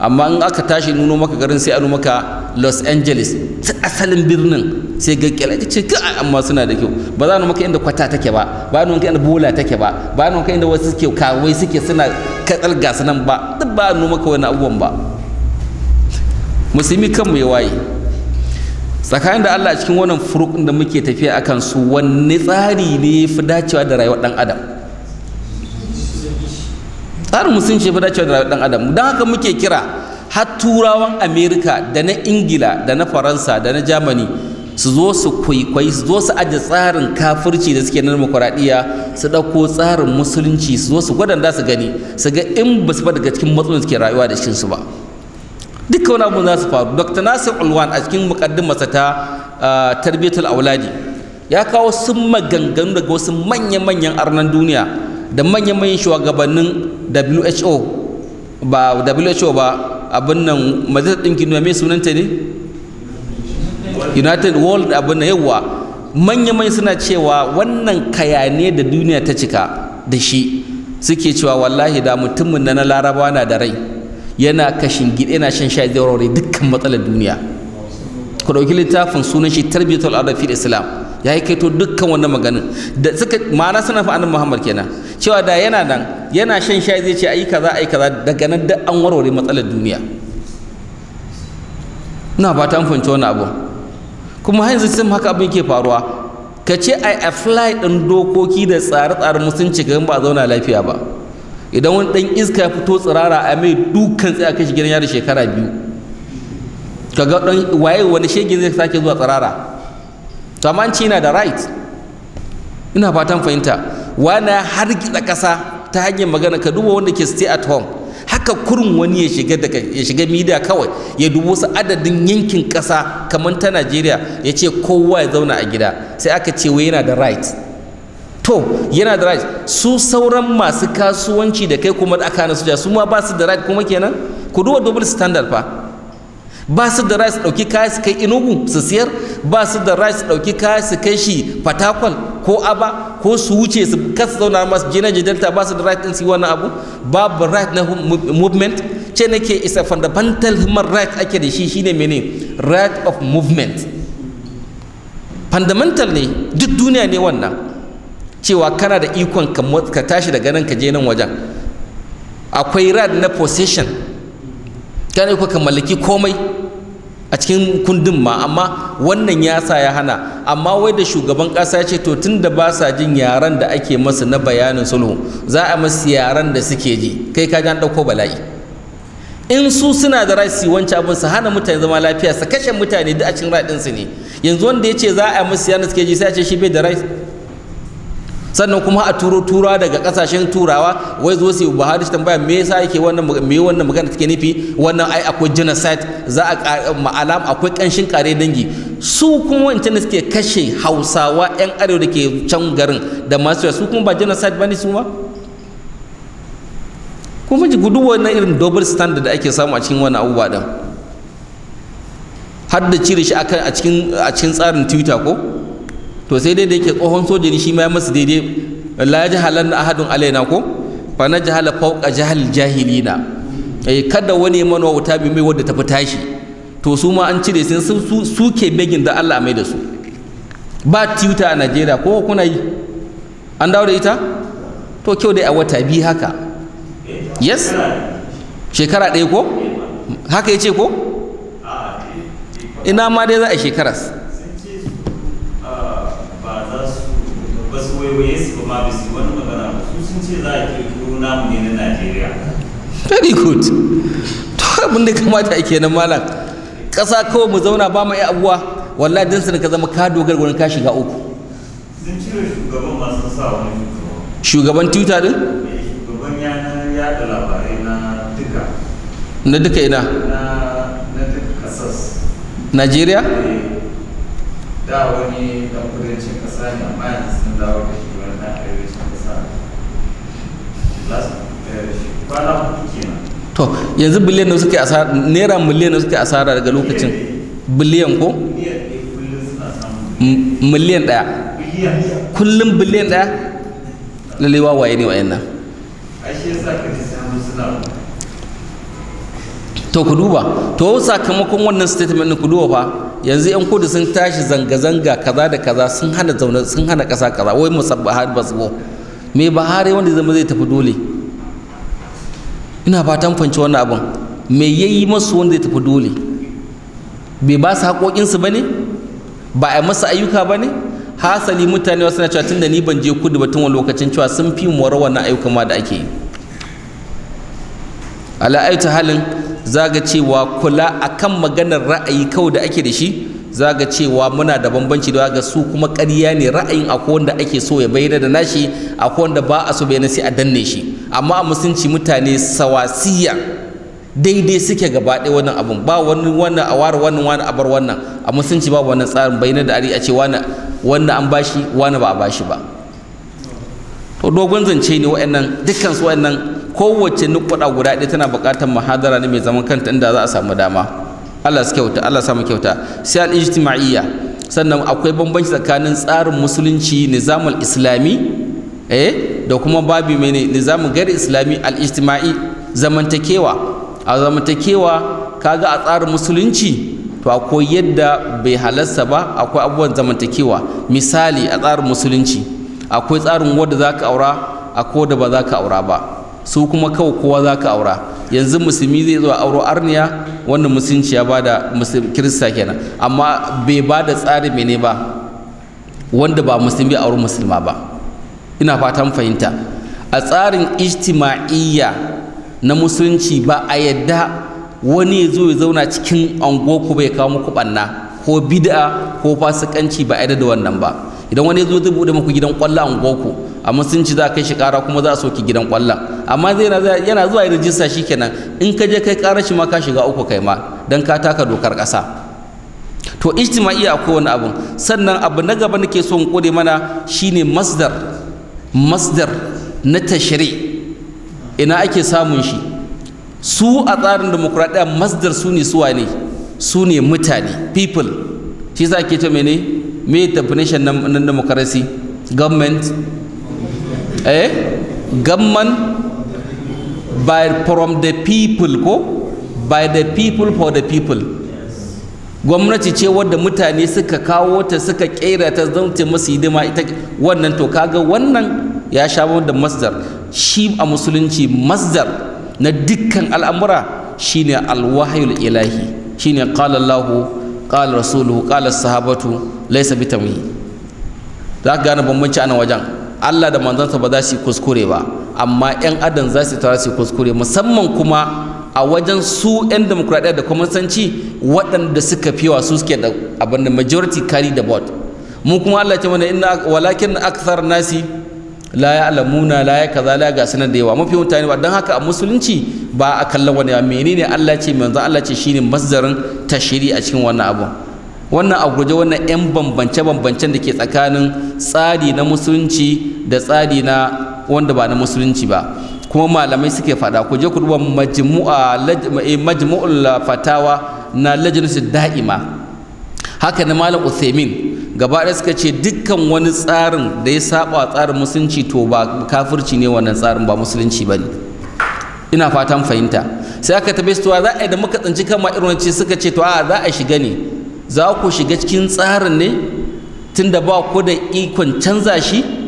amma in aka tashi nuno maka garin sai a maka los angeles ta asalin birnin sai ga kyala ce ka amma suna da kyau ba za maka inda kwata take ba ba nuna maka inda bola take ba ba nuna maka inda wasu suke kawai suke suna katsal gasu nan ba duk ba nuna maka wani abubuwan ba musulmi kanmu ya waye tsakanin da Allah cikin wannan furuk da muke tafiya akan su wanne tsari ne ya fi dacewa da rayuwar dan adam tsarin musulunci ba dacewa da dan adam don haka muke kira har turawan amerika da na ingila da na faransa da na germany su zo su kwaikwayi su zo su aje tsarin kafirci da suke na demokuraɗiyya su ɗauko tsarin musulunci su zo su da su gani su ga in ba su ba daga cikin matsalolin suke rayuwa da su ba duka wani abu za su faru dr nasir ulwan a cikin mukaddimarsa ta ah, tarbiyatul auladi ya kawo sun maganganu daga wasu manya-manyan arnan duniya da manyan manyan shugabannin WHO ba WHO ba abin nan majalisar ɗinkin duniya mai sunanta ne United World abin nan yawa manyan manyan suna cewa wannan kayane da duniya ta cika da shi suke cewa wallahi da mutumin na laraba na da rai yana kashin gida yana shan shayi zai dukkan matsalar duniya ku ɗauki littafin sunan shi tarbiyatul arafi islam ya yi kaito dukkan wannan maganin da suka ma'ana suna fa annabi Muhammad kenan cewa da yana nan yana shan shayi zai ce ayi kaza ayi kaza daga nan duk an warware matsalar duniya ina ba ta fahimci wannan abu kuma har yanzu sun haka abin ke faruwa ka ce ai apply ɗin dokoki da tsare tsare musulunci ga ba a zauna lafiya ba idan wani dan iska ya fito tsirara a mai dukkan tsaye a shi gidan yari shekara biyu kaga dan waye wani shege zai sake zuwa tsirara to yana da right ina fatan fahimta wana wani hargitsa kasa ta hanyar magana ka duba wanda ke stay at home haka kurin wani ya shiga daga ya shiga media kawai ya dubo su adadin yankin ƙasa kamar ta Najeriya ya ce kowa ya zauna a gida sai aka ce wai yana da right to yana da right su sauran masu kasuwanci da kai kuma da aka nasu su ma ba su da right kuma kenan ku duba double standard fa ba su da rice ɗauki kaya su kai inugu su siyar ba su da rice ɗauki kaya su kai shi fatakwal ko aba ko su wuce su kasa zauna masu jina jidalta ba su da right su yi wani abu babu right na movement ce nake isa fundamental human right ake da shi shine mene right of movement fundamental ne duk duniya ne wannan cewa kana da ikon ka tashi daga nan ka je nan wajen akwai right na possession ne kuka mallaki komai a cikin kundin ma amma wannan ya sa ya hana amma wai da shugaban kasa ya ce to tun da ba sa jin yaran da ake masa na bayanin sulhu za a masu yaran da suke ji kai ka jan ɗauko bala'i in su suna da rasi wancan abin su hana mutane zama lafiya su kashe mutane duk a cikin raɗinsu ne yanzu wanda ya ce za a masu yaran da suke ji sai a ce shi bai da rai sannan kuma a turo turawa daga kasashen turawa wai zo su buhari tambaya me yasa yake wannan me wannan magana take nufi wannan ai akwai genocide za a ma'alam akwai kanshin kare dangi su kuma wancan da suke kashe hausawa yan arewa da ke can garin da masu su kuma ba genocide bane su ma kuma ji gudu wannan irin double standard da ake samu a cikin wannan abubuwa din har da cire shi a a cikin tsarin twitter ko to sai dai da yake tsohon sojani shi ma ya masu daidai la jahalan ahadun alaina ko fa na jahala fauka jahal jahilina eh kada wani mana wuta bi mai wadda ta fi tashi to su ma an cire sun suke begin da Allah mai da su ba tiwuta a Najeriya ko kuna yi an dawo da ita to kyau dai a wata bi haka yes shekara ɗaya ko haka ya ce ko ina ma dai za a shekaras very good to abin da kamata ake nan malam ƙasa kawai mu zauna ba mu abuwa wallahi dinsa ka zama ka dogar gurin ka shiga uku shugaban masu sa shugaban twitter din eh, shugaban yada labarai na duka ina na duka kasas nigeria eh, da wani dan kudancin kasa ne amma yanzu to yanzu biliyan ne suke asara naira miliyan ne suke asara daga lokacin biliyan ko miliyan daya kullum biliyan daya lalewa waye ne wayan nan to ku duba to sakamakon wannan statement ku duba fa yanzu yan kudu sun tashi zanga-zanga kaza da kaza sun hana zaune sun hana kasa kaza wai musabbahat basbo me bahare wanda zama zai tafi dole ina fatan fanci wannan abin me ya yi masu wanda ya tafi dole bai ba su haƙoƙinsu ba ne ba a masa ayyuka ba ne hasali mutane wasu na cewa tun da ni ban je kudu ba tun wani lokacin cewa sun fi mu wannan ayyuka ma da ake yi ala'aita halin za ga cewa kula a kan maganar ra'ayi kawai da ake da shi za ga cewa muna da bambanci da ga su kuma karya ne ra'ayin akwai wanda ake so ya bayyana da nashi akwai wanda ba a so bayyana sai a danne shi amma a musulunci mutane sawasiya daidai suke gaba ɗaya wannan abun ba wani wannan a ware wannan wani a bar wannan a musulunci ba wannan tsarin bayyana da ari a ce wani wannan an bashi wani ba a bashi ba to dogon zance ne wa'annan dukkan su wa'annan kowace nukuɗa guda ɗaya tana buƙatar mahadara ne mai zaman kanta inda za a samu dama Allah su kyauta Allah samu kyauta sai al-ijtima'iyya sannan akwai bambanci tsakanin tsarin musulunci nizamul islami eh da kuma babi mai ne nizamin gari islami al zamantakewa a zamantakewa kaga a tsarin musulunci to akwai yadda bai halasta ba akwai abubuwan zamantakewa misali a tsarin musulunci akwai tsarin wanda za ka aura akwai wanda ba za ka aura ba su kuma kawai kowa za ka aura yanzu musulmi zai zo auro arniya wanda musulunci ya bada kirista kenan amma bai bada tsari mene ba wanda ba musulmi auro musulma ba ina fatan fahimta a tsarin ijtima'iyya na musulunci ba a yadda wani ya zo ya zauna cikin anguwa ko bai kawo muku banna ko bid'a ko fasikanci ba a yadda da wannan ba idan wani ya zo zai bude muku gidan kwallo anguwa ku a musulunci za a kai shi kara kuma za a soki gidan kwallon amma zai yana zuwa ya shi kenan in ka je kai ƙara shi ma ka shiga uku kai ma dan ka taka dokar ƙasa to ijtima'i a wani abu sannan abu na gaba nake so in kore mana shine masdar masdar na tashri ina ake samun shi su a tsarin demokradiyya masdar su ne suwa ne su ne mutane people shi za ke ce ne me definition na democracy government eh government by from the people ko by the people for the people gwamnati ce wadda mutane suka kawo ta suka kera ta don masu hidima ita wannan to kaga wannan ya sha da masdar shi a musulunci masdar na dukkan al'amura shine alwahayul ilahi shine qala Allah qala rasuluhu qala sahabatu laysa bitamyi za ka gane bambanci a'na wajen Allah da manzansa ba za su kuskure ba amma 'yan adam za su tara su kuskure musamman kuma a wajen su 'yan demokuraɗiyar da sanci waɗanda suka fi wasu suke da abin da majority carry the board mu kuma Allah ce mana inna walakin akthar nasi la ya'lamuna la ya kaza la ga sanar da yawa mafi mutane ba dan haka a musulunci ba a kallon wani menene Allah ce manzo Allah ce shine masdarin tashiri a cikin wannan abu wannan a guje wannan yan bambance bambancen da ke tsakanin tsari na musulunci da tsari na wanda ba na musulunci ba kuma malamai suke fada ku je ku duba eh, majmu'ul fatawa na lajinsu da'ima haka na malam uthaymin gaba ɗaya suka ce dukkan wani tsarin da ya saba tsarin musulunci to ba kafirci ne wannan tsarin ba musulunci ba ne ina fatan fahimta sai aka tabe su za a yi da muka tsinci kama irin ce suka ce to a za a shiga ne za ku shiga cikin tsarin ne tunda ba ku da ikon canza shi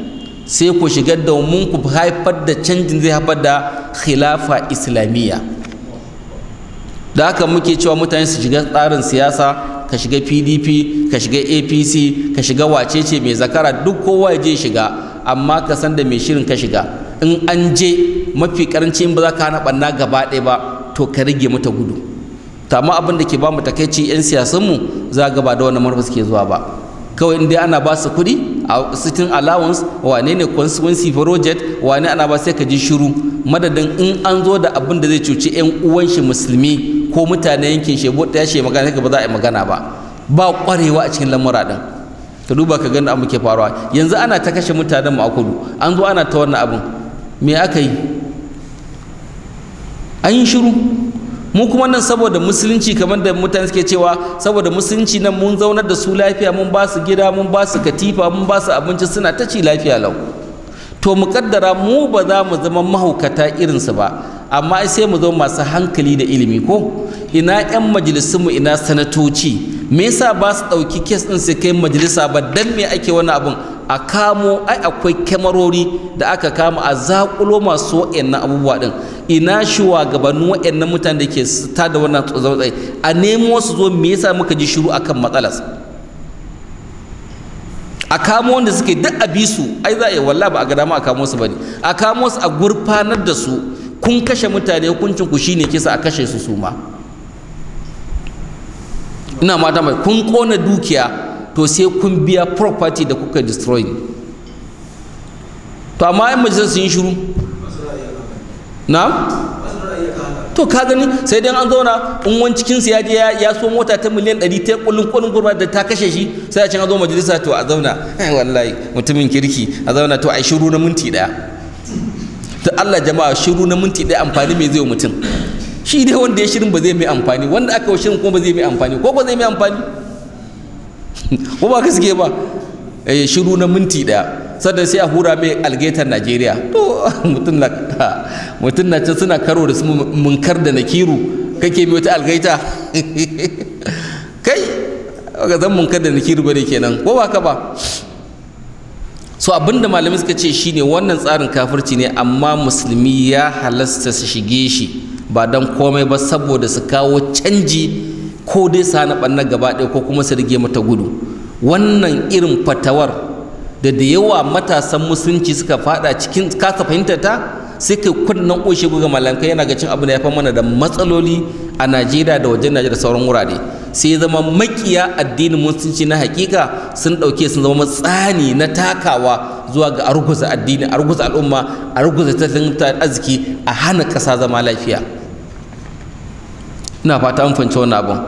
sai ku shigar da mun ku haifar da canjin zai haifar da khilafa islamiyya da haka muke cewa mutane su shiga tsarin siyasa ka shiga pdp ka shiga apc ka shiga wacece mai zakara duk kowa ya je shiga amma ka san da mai shirin ka shiga in an je mafi karanci ba za ka hana ɓanna gaba ɗaya ba to ka rage mata gudu to amma abin da ke ba mu takaici 'yan siyasanmu za ga ba da wannan marfa suke zuwa ba kawai in dai ana ba su kuɗi sitting allowance wane ne constituency project wane ana ba sai ka ji shiru madadin in an zo da abin da zai cuci yan uwan shi musulmi ko mutane yankin shi ya shi magana ba za a yi magana ba ba kwarewa a cikin lamura din ka duba ka ganda abin ke faruwa yanzu ana ta kashe mutanen mu a kudu an zo ana ta wannan abin me aka yi an yi shiru mu kuma nan saboda musulunci kamar da mutane suke cewa saboda musulunci nan mun zaunar da su lafiya mun ba su gida mun ba su katifa mun ba su abinci suna ta ci lafiya lau to mu kaddara mu ba za mu zama mahaukata irinsu ba amma sai mu zama masu hankali da ilimi ko ina 'yan majalisunmu ina sanatoci me yasa ba su ɗauki kes din su kai majalisa ba dan me ake wani abu a kamo ai akwai kyamarori da aka kama a zakulo masu wa'annan abubuwa din. ina wa'yan waɗannan mutane da ke ta da wannan tsaye a nemo su zo me yasa muka ji shiru akan matsalas a kamo wanda suke duk a bi su ai za a yi wallahi ba a ga dama a kamo su bane a kamo su a gurfanar da su kun kashe mutane hukuncin ku shine kisa a kashe su su ma ina mata mai kun kona dukiya to sai kun biya property da kuka destroy to amma yan majalisun sun yi shiru na to ka gani sai dai an zauna in wani cikin su ya je ya so mota ta miliyan 100 ta kullun kullun gurba da ta kashe shi sai a can a zo majalisa to a zauna eh, wallahi mutumin kirki a zauna to a shiru na minti daya to Allah jama'a shiru na minti daya amfani mai zai wa mutum shi dai wanda ya shirin ba zai mai amfani wanda aka yi shirin kuma ba zai mai amfani ko ba zai mai amfani [LAUGHS] ko ba ka suke ba eh, shiru na minti daya sannan sai a hura mai algetar najeriya to [LAUGHS] [LAUGHS] mutum na can suna karo da su munkar da nakiru kake mai wata algaita [LAUGHS] kai ga zan munkar da nakiru bane kenan ko ba ka ba so abinda malamai suka ce shine wannan tsarin kafirci ne amma musulmi ya halasta su shige shi ba don komai ba saboda su kawo canji ko dai sa na gaba ɗaya ko kuma su rige mata gudu wannan irin fatawar da da yawa matasan musulunci suka fada cikin kasa fahimtar ta sai kai kunnan ƙoshe guga malankai yana ga cin abin da ya mana da matsaloli a Najeriya da wajen Najeriya da sauran wurare sai zama makiya addinin musulunci na hakika sun ɗauke sun zama matsani na takawa zuwa ga arguza addini arguza al'umma arguza tattalin arziki a hana kasa zama lafiya ina fata an fahimci wannan abin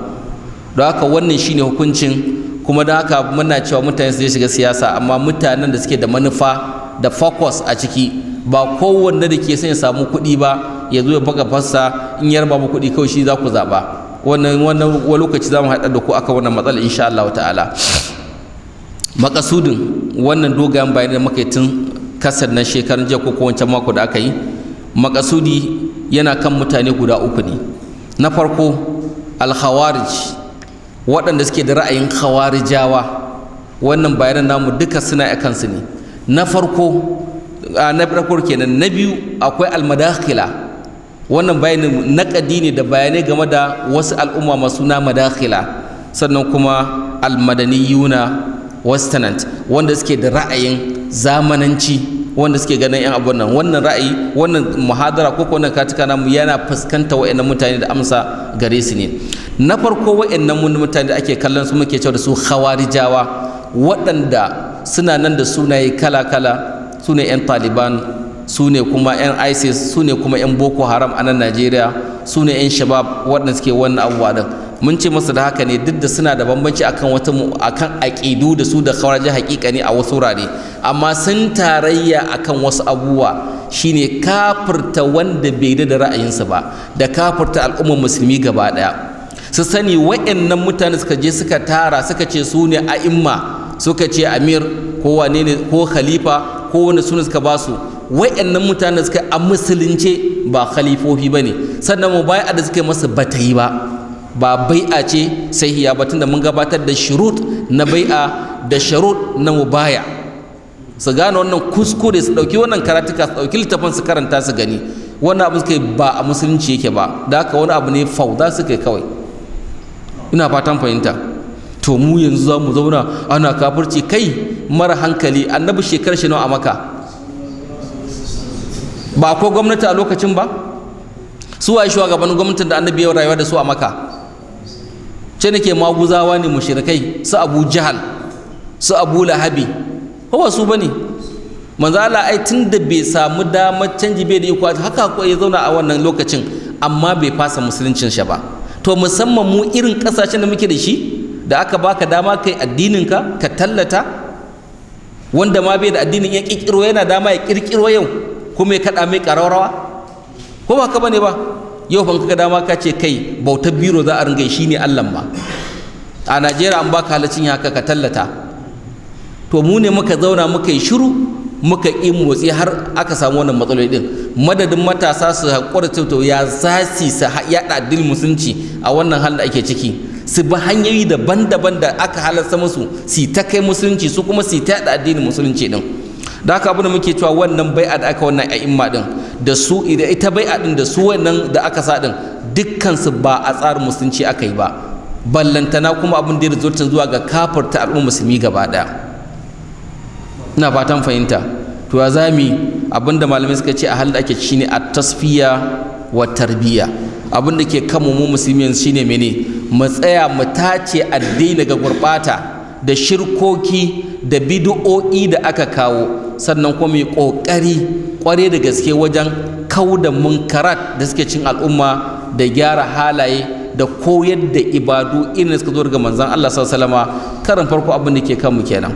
don haka wannan shine hukuncin kuma don haka muna cewa mutane su shiga siyasa amma mutanen da suke da manufa da focus a ciki ba kowanne da ke son ya samu kuɗi ba ya zo ya baka fassa in yar mu kuɗi kawai shi za ku zaɓa wannan wannan wani lokaci za mu haɗa da ku aka wannan matsala insha Allah ta'ala makasudin wannan dogayen bayanai da muka yi tun kasar na shekarun jiya ko wancan mako da aka yi makasudi yana kan mutane guda uku ne na farko alkhawarij waɗanda suke da ra'ayin khawarijawa wannan bayanan namu duka suna a kansu ne na farko na farko kenan na biyu akwai almadakhila wannan bayanin naƙadi ne da bayanai game da wasu al'umma masu na madakhila sannan kuma almadaniyuna westernant wanda suke da ra'ayin zamananci wanda suke ganin yan abun nan wannan ra'ayi wannan muhadara ko wannan katika namu yana fuskanta wa'annan mutane da amsa gare su ne na farko wa'annan mutane da ake kallon su muke cewa da su khawarijawa waɗanda suna nan da sunaye kala-kala su ne 'yan taliban su kuma 'yan isis su ne kuma 'yan boko haram a nan najeriya su 'yan shabab waɗanda suke wannan abubuwa mun ce masa da haka ne duk da suna da bambanci akan wata akan aqidu da su da kawaraji hakika ne a wasu wurare amma sun tarayya akan wasu abubuwa shine kafirta wanda bai da da ra'ayinsa ba da kafirta al'ummar musulmi gaba daya su sani wayannan mutane suka je suka tara suka ce su ne a'imma suka ce amir ko wane ne ko khalifa ko wani suna suka ba su wayannan mutane suka a musulunce ba khalifofi bane sannan mubai'a da suka yi masa bata yi ba ba bai'a ce sai iya ba tunda mun gabatar da shurut na bai'a da sharut na mubaya su gane wannan kuskure su ɗauki wannan karatuka su ɗauki littafin su karanta su gani wannan abu suka ba a musulunci yake ba da haka wani abu ne fauda suka kawai ina fatan fahimta to mu yanzu za mu zauna ana kafirci kai mara hankali annabi shekarar shi nawa a maka ba ko gwamnati a lokacin ba su waye shugaban gwamnatin da annabi ya rayuwa da su a maka ce nake maguzawa ne mushrikai su abu jahal su abu lahabi ko ba su bane manzo Allah ai tunda bai samu dama canji bai da iko haka ko ya zauna a wannan lokacin amma bai fasa musuluncin shi ba to musamman mu irin kasashen da muke da shi da aka baka dama kai addinin ka ka tallata wanda ma bai da addinin ya kirkiro yana dama ya kirkiro yau kuma ya kada mai kararawa ko ba ka bane ba yau fa kaga dama ka ce kai bautar biro za a ringa shi ne allah ma a najeriya an baka halacin haka ka tallata to mu ne muka zauna muka yi shiru muka yi motsi har aka samu wannan matsaloli din madadin matasa su haƙura to ya za su yaɗa addinin musulunci a wannan halin da ake ciki su bi hanyoyi daban-daban da aka halarta musu su ta kai musulunci su kuma su ta yaɗa addinin musulunci din da haka abin da muke cewa wannan bai'a da aka wannan a'imma din da su da ita bai adin da su wannan da aka sa din dukkansu ba a tsarin musulunci aka yi ba ballantana kuma abin da ya rizurta zuwa ga kafarta al'ummar musulmi gaba daya ina fatan fahimta to ya zami abin da malamai suka ce a halin da ake shine a tasfiya wa tarbiya abin ke kan mu musulmi shine mene mu tsaya mu tace addini ga gurbata da shirkoki da bidu'o'i da aka kawo sannan kuma mai ƙoƙari ƙware da gaske wajen kau da munkarat da suke cin al'umma da gyara halaye da koyar da ibadu irin da suka zo daga manzan Allah sallallahu alaihi karan farko abin da ke kanmu kenan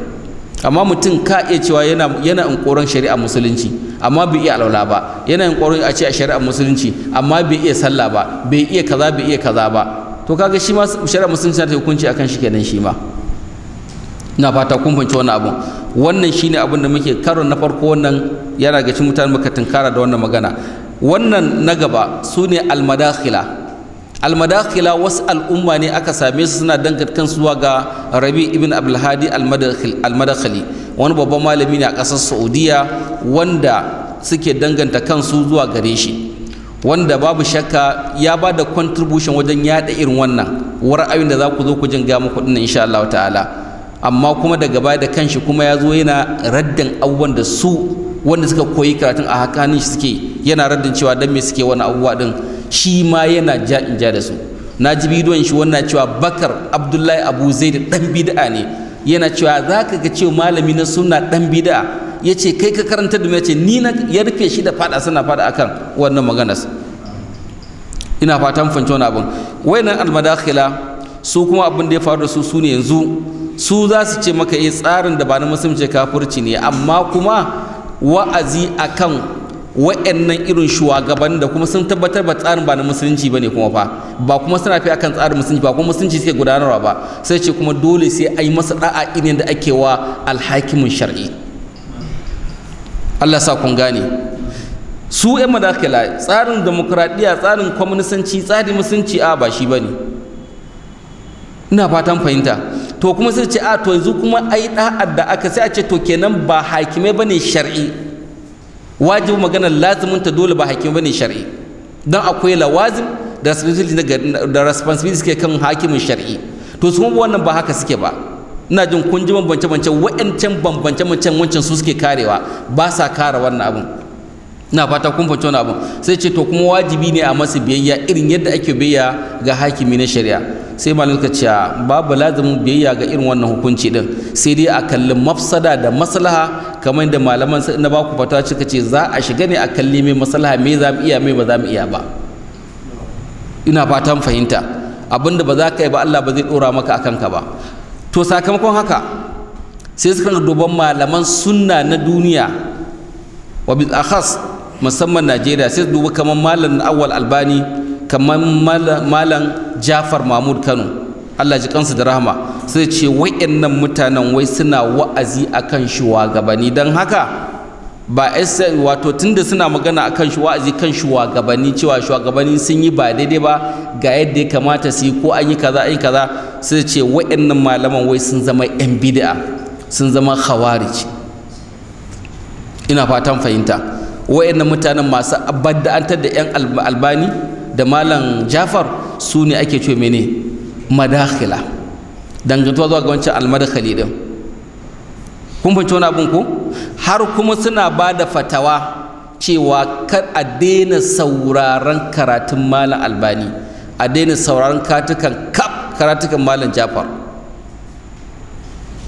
amma mutum ka iya cewa yana yana inkoron shari'a musulunci amma bai iya alwala ba yana yunkurin a ce a shari'a musulunci amma bai iya sallah ba bai iya kaza bai iya kaza ba to kaga shi ma shari'a musulunci ta hukunci akan shi kenan shi ma na fata kun fahimci wannan abun wannan shine abin da muke karon na farko wannan yana ga cikin mutane muka tunkara da wannan magana wannan na gaba su ne almadakhila almadakhila wasu al'umma ne aka same su suna dangata kansu zuwa ga rabi ibn abdulhadi almadakhili wani babban malami ne a ƙasar saudiya wanda suke danganta kansu zuwa gare shi wanda babu shakka ya ba da contribution wajen yaɗa irin wannan ra'ayin da za ku zo ku jin ga muku dinnan insha Allah ta'ala amma kuma daga baya da kanshi kuma ya zo yana raddin abubuwan da su wanda suka koyi karatun a hakanin shi suke yana raddin cewa dan me suke wani abubuwa din shi ma yana ja in ja da su na ji bidiyon shi wannan cewa bakar abdullahi abu zaid dan bid'a ne yana cewa za ka ga cewa malami na suna dan bid'a ya ce kai ka karanta da yace ni na ya rufe shi da fada suna fada akan wannan maganas ina fatan fanci wani abin wayannan almadakhila su kuma abin da ya faru da su su yanzu su za su ce maka yi eh, tsarin da ba na musulunci kafurci ne amma kuma wa'azi akan wa'annan irin shugaban da kuma sun tabbatar ba tsarin ba na musulunci ba ne kuma fa ba kuma suna fi akan tsarin musulunci ba kuma musulunci suke gudanarwa ba sai ce kuma dole sai a yi masa da'a irin da ake wa alhakimin shar'i Allah sa kun gane su 'yan madakila tsarin demokradiyya tsarin kwamnisanci tsarin musulunci a ba shi bane ina fatan fahimta to kuma sai ce a to yanzu kuma ai da'ar da aka sai a ce to kenan ba hakimai bane shar'i wajibi magana lazimin ta dole ba hakimai bane shar'i dan akwai lawazim da responsibility da suke kan hakimin shar'i to su kuma wannan ba haka suke ba ina jin kun ji bambance bambance wa'ancan bambance bambancen wancan su suke karewa ba sa kare wannan abin. ina fata kun fahimci wani abu sai ce to kuma wajibi ne a masa biyayya irin yadda ake biyayya ga hakimi na shari'a sai ka ce babu lazimin biyayya ga irin wannan hukunci din sai dai a kalli mafsada da maslaha kamar da malaman na baku fata suka ce za a shiga ne a kalli mai maslaha me za mu iya mai ba za mu iya ba ina fatan fahimta abinda ba za ka yi ba Allah ba zai dora maka akan ka ba to sakamakon haka sai suka duban malaman sunna na duniya wa bil akhas musamman najeriya sai su dubi kamar malam awal albani kamar malam jafar mahmud kano allah ji kansu da rahama sai ce wa'annan mutanen wai suna wa'azi akan shugabanni don haka ba SN wato tunda suna magana akan shi wa'azi kan shugabanni cewa shugabanni sun yi ba daidai ba ga yadda ya kamata su yi ko an yi kaza an yi kaza sai ce wa'annan malaman wai sun zama yan bid'a sun zama khawarij ina fatan fahimta wa'annan mutanen masu badda'antar da 'yan albani da malam jafar su ne ake ce mene madakhila dangantuwa zuwa ga wancan almadakhali din kun fahimci wani abin ko har kuma suna ba da fatawa cewa kar a daina sauraron karatun malam albani a daina sauraron katukan kaf karatukan malam jafar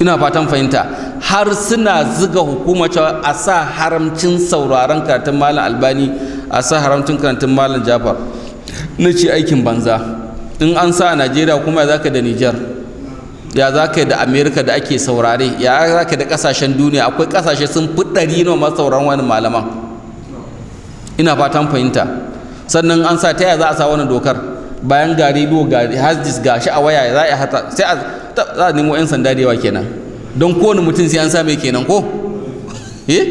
ina fatan fahimta har suna ziga hukuma cewa a sa haramcin sauraron karatun malam albani a sa haramcin karatun malam jafar na ce aikin banza in an sa a najeriya kuma ya zaka da niger ya zaka da america da ake saurare ya zaka da kasashen duniya akwai kasashe sun fi ɗari na masu sauraron wani malaman ina fatan fahimta sannan an sa ta yaya za a sa wani dokar bayan gari biyu ga hasdis ga shi a waya za a sai za a nemo 'yan sanda da yawa kenan don kowane mutum sai an same kenan ko [LAUGHS] eh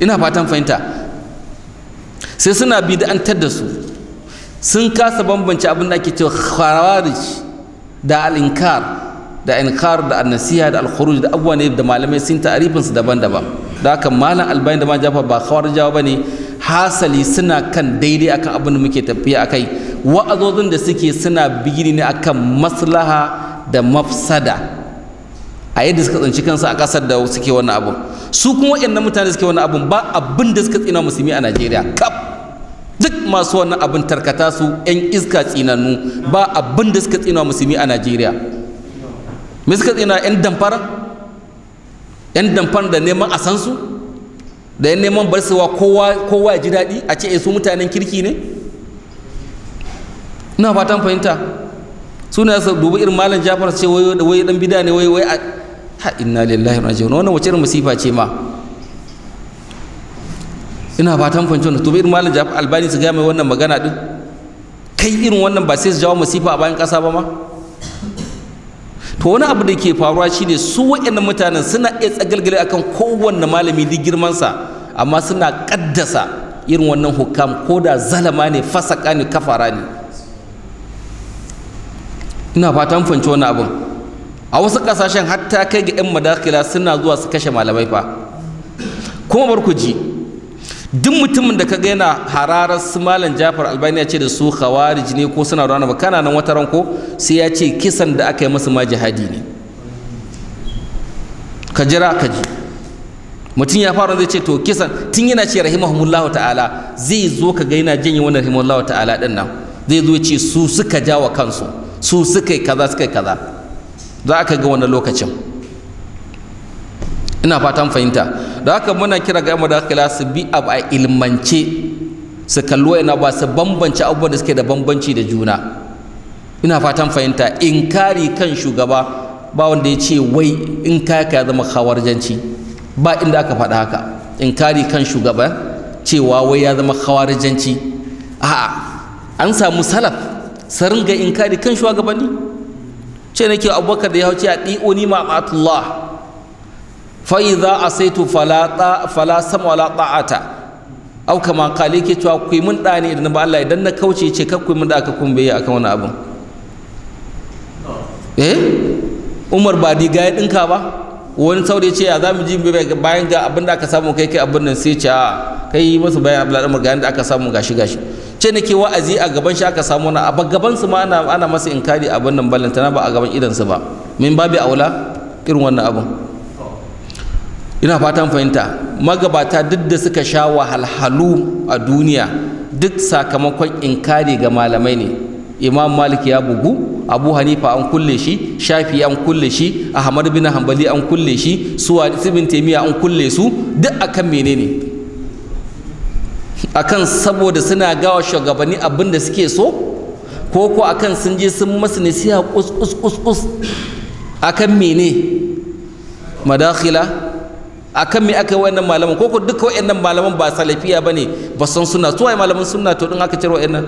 ina fatan fahimta sai suna bid'antar da su sun kasa bambance abin da ake cewa khawarij da al da inkar da annasiha da al-khuruj da abuwa ne da malamai sun ta'arifin su daban-daban da haka malam albayin da ma jafa ba ba bane hasali suna kan daidai akan abin da muke tafiya akai wa'azozin da suke suna bigini ne akan maslaha da mafsada a yadda suka tsanci kansu a ƙasar da suke wannan abun su kuma waɗannan mutane suke wannan abun ba abin da suka tsina musulmi a Najeriya kap duk masu wannan abin tarkata su yan iska tsinannu ba abin da suka tsina musulmi a Najeriya me suka tsina yan damfara Yan damfara da neman a san su da yan neman barsewa kowa kowa ya ji daɗi a ce eh, su mutanen kirki ne ina fatan fahimta su ne su dubi irin malam jafar ce wai wai dan bida ne wai wai ha inna lillahi wa inna wannan wace irin musifa ce ma ina fatan fahimci wannan dubi irin malam jafar albani su ga mai wannan magana din kai irin wannan ba sai su jawo musifa a bayan kasa ba ma to wani abu da ke faruwa shine su wa'annan mutanen suna iya tsagalgale akan kowanne malami duk girmansa amma suna kaddasa irin wannan hukam ko da zalama ne fasaka ne kafara ne ina fata mun fanci wani abin a wasu kasashen hatta kai ga 'yan madakila suna zuwa su kashe malamai fa kuma bar ku ji duk mutumin da kaga yana hararar su malam jafar albani ya ce da su khawarij ne ko suna rana ba kana nan wata ranko sai ya ce kisan da aka yi masu ma jihadi ne ka jira ka ji mutum ya fara zai ce to kisan tun yana ce rahimahumullahu ta'ala zai zo ka ga yana janye wannan rahimahumullahu ta'ala din nan zai zo ya ce su suka jawa kansu su suka yi kaza suka yi kaza za ka ga wani lokacin ina fatan fahimta da haka muna kira ga yamma da haka su bi abu a ilmance su kallo ina ba su bambance abubuwan da suke da bambanci da juna ina fatan fahimta in kari kan shugaba ba wanda ya ce wai in kaya ka ya zama khawarjanci ba inda aka faɗa haka in kari kan shugaba cewa wai ya zama khawarjanci a'a an samu salaf su ringa inkari kan shugabanni ce nake abubakar da ya hauce a ma ma'atullah fa iza asaitu fala ta fala sama wala ta'ata au kama kale ke cewa ku mun da ne idan ba Allah idan na kauce ce ka ku mun da aka kumbe ya akan wani abin eh Umar ba di ga dinka ba wani saurayi ce ya zamu ji bayan ga abin da aka samu kai kai abin nan sai ce a kai yi bayan Abdullahi Umar ga yanda aka samu gashi gashi ce nake wa'azi a gaban shi aka samu na a gaban su ma ana ana masa inkari abin nan ballantana ba a gaban idansu ba min babi aula irin wannan abin ina fatan fahimta magabata duk da suka sha wahalhalu a duniya duk sakamakon inkari ga malamai ne imam malik ya bugu abu hanifa an kulle shi shafi an kulle shi ahmad bin hanbali an kulle shi suwa tsibin taymiya an kulle su duk akan menene akan saboda suna gawa shugabanni abin da suke so ko ko akan sun je sun masu nasiha kus kus kus kus akan mene madakhila akan me aka wayannan malaman ko ko duka wayannan malaman ba salafiya bane ba san sunna su waye malaman sunna to din aka cire wayannan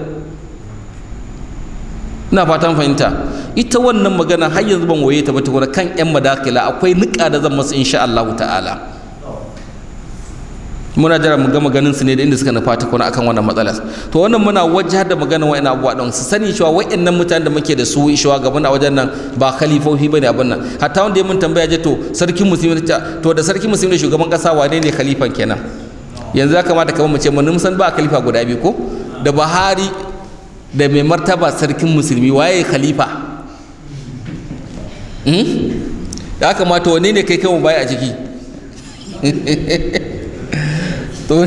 ina fatan fahimta ita wannan magana har yanzu ban waye ta ba tukuna kan yan madakhila akwai niƙa da zan masu insha Allah ta'ala muna jira mu gama ganin su ne da inda suka nufa ta kuna akan wannan matsalar to wannan muna wajar da magana wa'in abubuwa don su sani cewa wa'annan mutanen da muke da su ishewa gaban a wajen nan ba khalifofi bane abin nan hatta wanda ya mun tambaya je to sarkin musulmi to da sarkin musulmi da shugaban kasa wane ne khalifan kenan yanzu ya kamata kamar mu ce mun san ba khalifa guda biyu ko da Buhari da mai martaba sarkin musulmi waye khalifa hmm? ya kamata wane ne kai kai mu baya a ciki [LAUGHS] to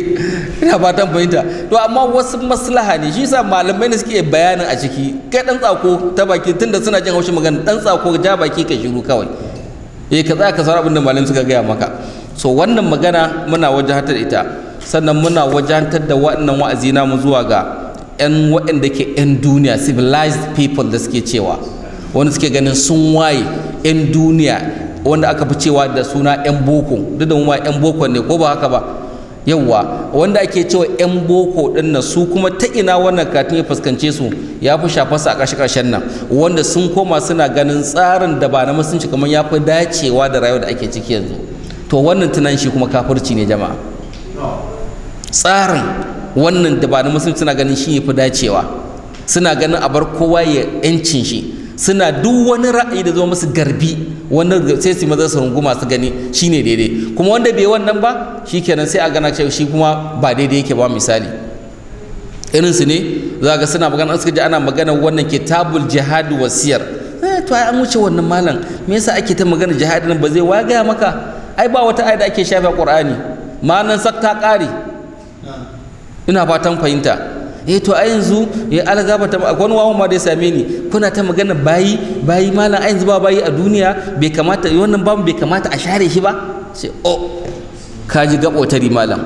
[LAUGHS] ina fatan fahimta to amma wasu maslaha ne shi yasa malamai ne suke bayanin a ciki kai dan tsako ta baki tunda suna jin haushin magana dan tsako ja baki ka shiru kawai eh ka tsaya ka saurari abin da malamai suka gaya maka so wannan magana muna wajahatar ita sannan muna wajahatar da wannan wa'azi mu zuwa ga yan waɗanda ke yan duniya civilized people da suke cewa wanda suke ganin sun waye yan duniya wanda aka fi cewa da suna yan boko duk da mu ma yan boko ne ko ba haka ba yawwa wanda ake cewa yan boko din nan su kuma ta ina wannan katin ya fuskance su ya fi shafa su a ƙarshe ƙarshen nan wanda sun koma suna ganin tsarin da ba na musulunci kamar ya fi dacewa da rayuwa da ake ciki yanzu to wannan tunan shi kuma kafirci ne jama'a tsarin wannan da ba na musulunci suna ganin shi ya fi dacewa suna ganin a bar kowa ya 'yancin shi suna duk wani ra'ayi da zo musu garbi wanda sai su maza su runguma su gani shine daidai kuma wanda bai wannan ba shikenan sai a gana cewa shi kuma ba daidai yake ba misali irin su ne za ga suna magana suka ji ana magana wannan kitabul jihad wasiyar eh, to ai an wuce wannan malam me yasa ake ta magana jihad nan ba zai gaya maka ai ba wata ayat da ake shafa qur'ani ma'anan sak ta kare ina fatan fahimta E to a yanzu eh, ya algaba ta wani wawan ma da ya same ni kuna ta magana bayi bayi malam a yanzu ba bayi a duniya bai kamata eh, wannan bamu bai kamata a share shi ba sai o oh, ka ji gaɓotari malam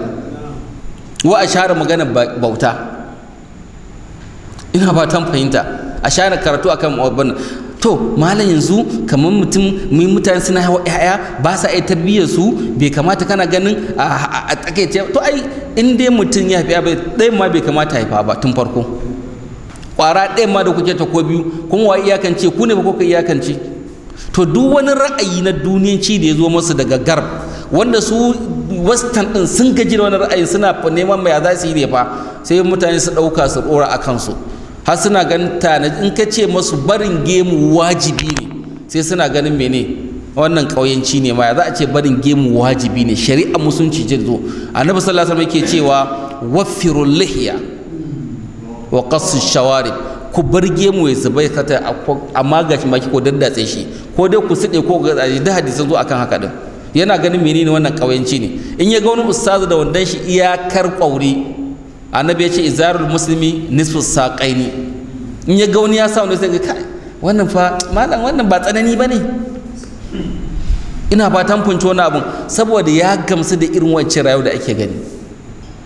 wa a share magana bauta ina fatan fahimta a share karatu akan wannan to malam yanzu kamar mutum mai mutane suna hawa yaya ba sa ai tarbiyyar su bai kamata kana ganin a takaice to ai in dai mutum ya bai ɗaya ma bai kamata haifa ba tun farko ƙwara ɗaya ma da kuke ta ko biyu kuma wa iyakance ku ne ba kuka iyakance to duk wani ra'ayi na duniyanci da ya zo masu daga garb wanda su western din sun gaji da wani ra'ayi suna neman mai za su yi ne fa sai mutane su ɗauka su ɗora a kansu har suna ganin tana in ka ce masu barin gemu wajibi ne sai suna ganin mene wannan ƙauyenci ne ma ya za a ce barin gemu wajibi ne shari'a musunci a annabi sallallahu alaihi wasallam yake cewa waffirul lihiya wa qassu shawari ku bar gemu ya zuba ya kata a magashi maki ko daddatse shi ko dai ku siɗe ko ga da hadisan zo akan haka din yana ganin menene wannan ƙauyenci ne in ya ga wani ustazu da wandan shi iyakar kwauri. annabi ya ce izarul musulmi nisfu saqaini in ya ga wani ya sa wani sai ga wannan fa malam wannan ba tsanani bane ina fatan funci wani abun saboda ya gamsu da irin wancan rayuwa da ake gani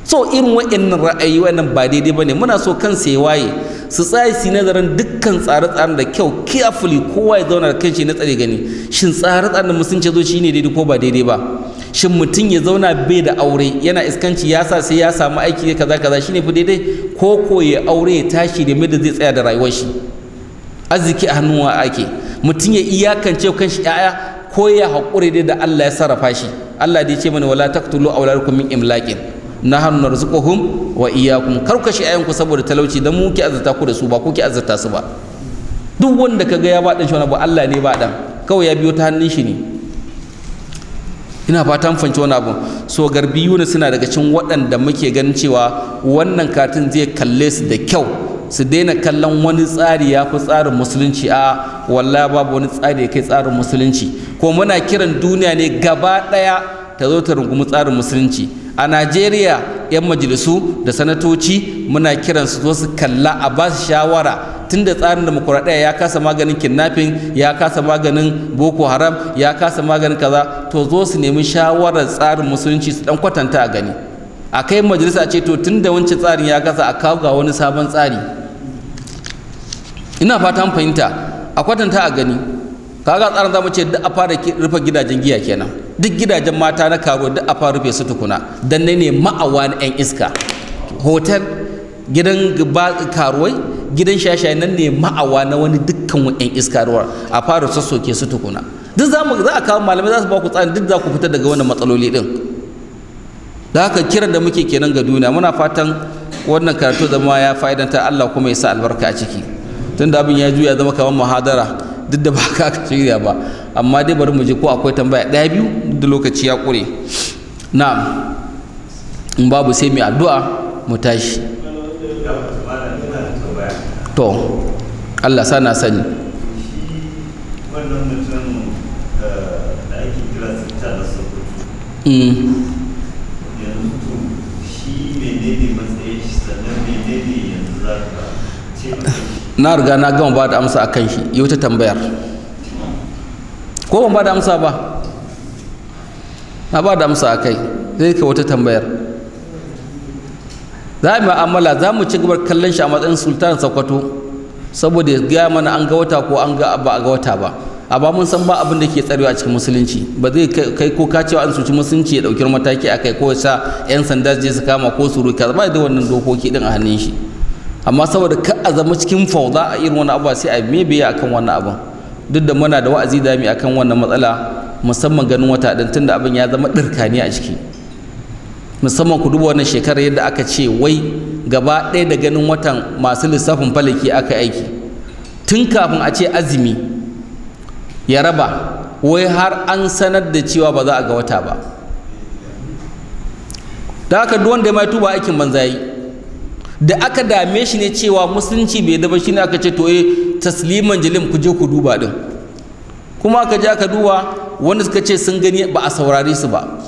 so irin wa'annan ra'ayi wa'annan ba daidai ba ne muna so kan ya waye su tsaya su nazarin dukkan tsare-tsaren da kyau carefully kowa ya zauna da kanshi na tsare gani shin tsare-tsaren da ce zo ne daidai ko ba daidai ba shin mutum ya zauna bai da aure yana iskanci ya sa sai ya samu aiki kaza kaza shine fi daidai ko ko ya aure ya tashi da da zai tsaya da rayuwar shi arziki a hannuwa ake mutum ya iyakance kanshi ya'ya ko ya haƙuri da Allah ya sarrafa shi Allah da ya ce mana wala taqtulu awladakum min imlaqin nahnu narzuquhum wa iyyakum karkashi ayanku saboda talauci dan mu ki azata ku da su ba ku ki azata su ba duk wanda ka ga ya baɗin shi wani abu Allah ne ba dan kawai ya biyo ta hannun shi ne ina fatan fanci wani abu so yuna suna daga cikin waɗanda muke ganin cewa wannan katin zai kalle su da kyau su daina kallon wani tsari ya fi tsarin musulunci a wallahi babu wani tsari ya kai tsarin musulunci ko muna kiran duniya ne gaba ɗaya ta zo ta rungumi tsarin musulunci a najeriya 'yan majalisu da sanatoci muna kiransu zo su kalla a ba su shawara tunda tsarin demokuraɗiyya ya kasa maganin kidnapping ya kasa maganin boko haram ya kasa maganin kaza to zo su nemi shawarar tsarin musulunci su dan kwatanta a gani a kai majalisa ce to tunda wancan tsarin ya kasa a kawo ga wani sabon tsari ina fatan fahimta a kwatanta a gani kaga tsarin zamu ce duk a fara rufe gidajen giya kenan duk gidajen mata na karo duk a fara rufe su tukuna dan ne ne ma'awa na 'yan iska hotel gidan karuwai gidan shashaye nan ne ma'awa na wani dukkan 'yan iska ruwa a fara sassoke su tukuna duk za a kawo malamai za su ba ku tsarin duk za ku fita daga wannan matsaloli din da haka kiran da muke kenan ga duniya muna fatan wannan karatu zama ya fa'idanta Allah kuma ya sa albarka a ciki tun da abin ya juya zama kamar muhadara duk da ba ka aka shirya ba amma dai bari mu je ko akwai tambaya ɗaya biyu da lokaci ya ƙure na in babu sai mai addu'a mu tashi to Allah sana sani wannan mutum da ake kira da na riga na gama ba da amsa a kan shi yi wata tambayar ko ban ba da amsa ba na ba da amsa a kai zai ka wata tambayar za mu amala za mu ci gabar kallon shi a matsayin sultan sokoto saboda ya gaya mana an ga wata ko an ga ba a ga wata ba amma mun san ba abin da ke tsarewa a cikin musulunci ba zai kai ko ka cewa an suci musulunci ya ɗauki mataki a kai ko sa 'yan sanda je su kama ko su ruka ba da wannan dokoki din a hannun shi amma saboda ka a zama cikin fauda a irin wani abu sai a me biya akan wannan abin duk da muna da wa'azi dami akan wannan matsala musamman ganin wata dan tunda abin ya zama dirkani a ciki musamman ku duba wannan shekarar yadda aka ce wai gaba ɗaya da ganin watan masu lissafin falaki aka aiki tun kafin a ce azumi ya raba wai har an sanar da cewa ba za a ga wata ba da haka duk wanda ya mai tuba aikin banza yi da aka dame shi ne cewa musulunci bai daba shi ne aka ce to eh, tasliman jalim ku je ku duba din kuma aka ja ka duba wanda suka ce sun gani ba a saurari su ba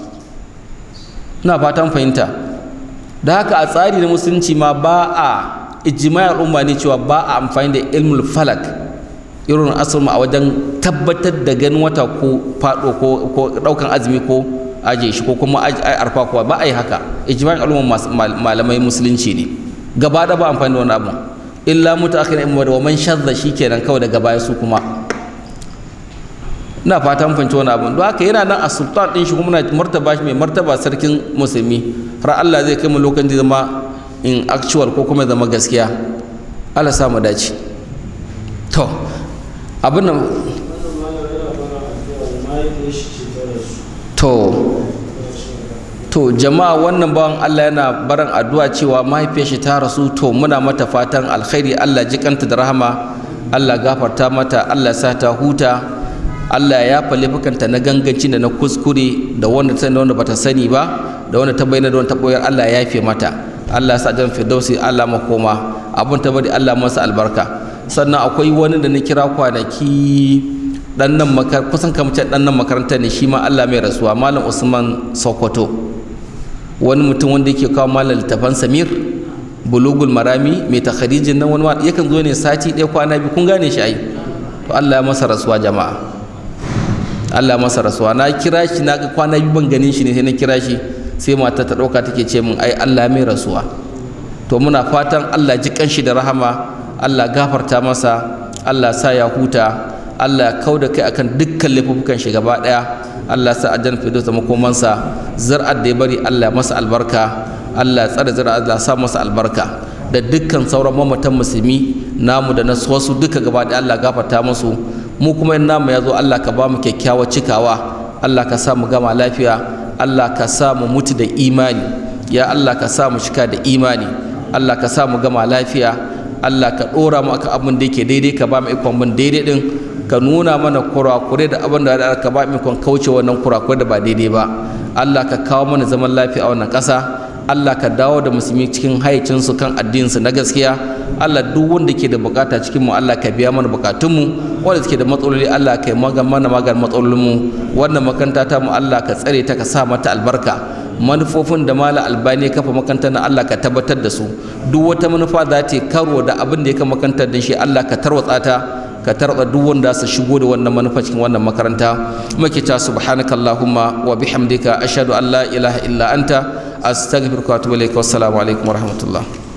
ina fatan fahimta da haka a tsari na musulunci ma ba a ijimayar umma ne cewa ba a amfani da ilmul falak irin ma a wajen tabbatar da ganin wata ko faɗo ko ɗaukan azumi ko aje shi ko kuma arfa kuwa ba a yi haka ijimayar al'umma malamai musulunci ne gaba da ba amfani da wani abu illa akhirin ibn wa man shadda shikenan kawai daga baya su kuma ina fata mun fahimci wani abu don haka yana nan a sultan din shi kuma muna martaba shi mai martaba sarkin musulmi har Allah zai kai mu lokacin zama in actual ko kuma zama gaskiya Allah sa mu dace to abin nan to to jama'a wannan bawan Allah yana barin addu'a cewa mahaifiyar shi ta rasu to muna mata fatan alkhairi Allah jikanta da rahama Allah gafarta mata Allah sa ta huta Allah ya yafa laifukanta na ganganci da na kuskure da wanda ta da wanda bata sani ba da wanda ta bayyana da wanda ta Allah ya yafe mata Allah sa jan firdausi Allah makoma abun ta bari Allah masa albarka sannan akwai wani da na kira kwanaki dan nan kusan kamar dan nan makaranta ne shi ma Allah mai rasuwa malam Usman Sokoto wani mutum wanda yake kawo malar littafan samir bulugul marami mai khadijin nan wani yakan zo ne sati ɗaya kwana biyu kun gane shi ai to Allah ya masa rasuwa jama'a Allah ya masa rasuwa na kira shi na ga kwana biyu ban ganin shi ne sai na kira shi sai mata ta ɗauka take ce min ai Allah mai rasuwa to muna fatan Allah ji kanshi da rahama Allah gafarta masa Allah sa ya huta Allah ya kauda kai akan dukkan laifukan shi gaba ɗaya Allah sa aljanna firdaus da makomansa zar'ar da ya bari Allah masa albarka Allah tsare zar'ar Allah sa masa albarka da dukkan sauran mamatan musulmi namu da na wasu duka gaba da Allah gafarta musu mu kuma in namu ya zo Allah ka ba mu kyakkyawar cikawa Allah ka sa mu gama lafiya Allah ka sa mu mutu da imani ya Allah ka sa mu cika da imani Allah ka sa mu gama lafiya Allah ka ɗora mu aka abin da yake daidai ka ba mu ikon mun daidai din ka nuna mana kurakure da abin da ka ba mu kon kauce wannan kurakure da ba daidai ba Allah ka kawo mana zaman lafiya a wannan ƙasa Allah ka dawo da musulmi cikin su kan addinin su na gaskiya Allah duk wanda ke da bukata cikin mu Allah ka biya mana mu wanda suke da matsaloli Allah ka yi mana magan matsalolinmu wannan makanta ta mu Allah ka tsare ta ka sa mata albarka manufofin da mala albani kafa makanta na Allah ka tabbatar da su duk wata manufa za ta karo da abin da ya ka makarantar da shi Allah ka tarwatsa ta ka tarɗa duk wanda su shigo da wannan manufa cikin wannan makaranta muke ta allahumma wa bihamdika ashhadu an la ilaha illa anta astaghfiruka wa atubu ilaik wassalamu alaikum rahmatullah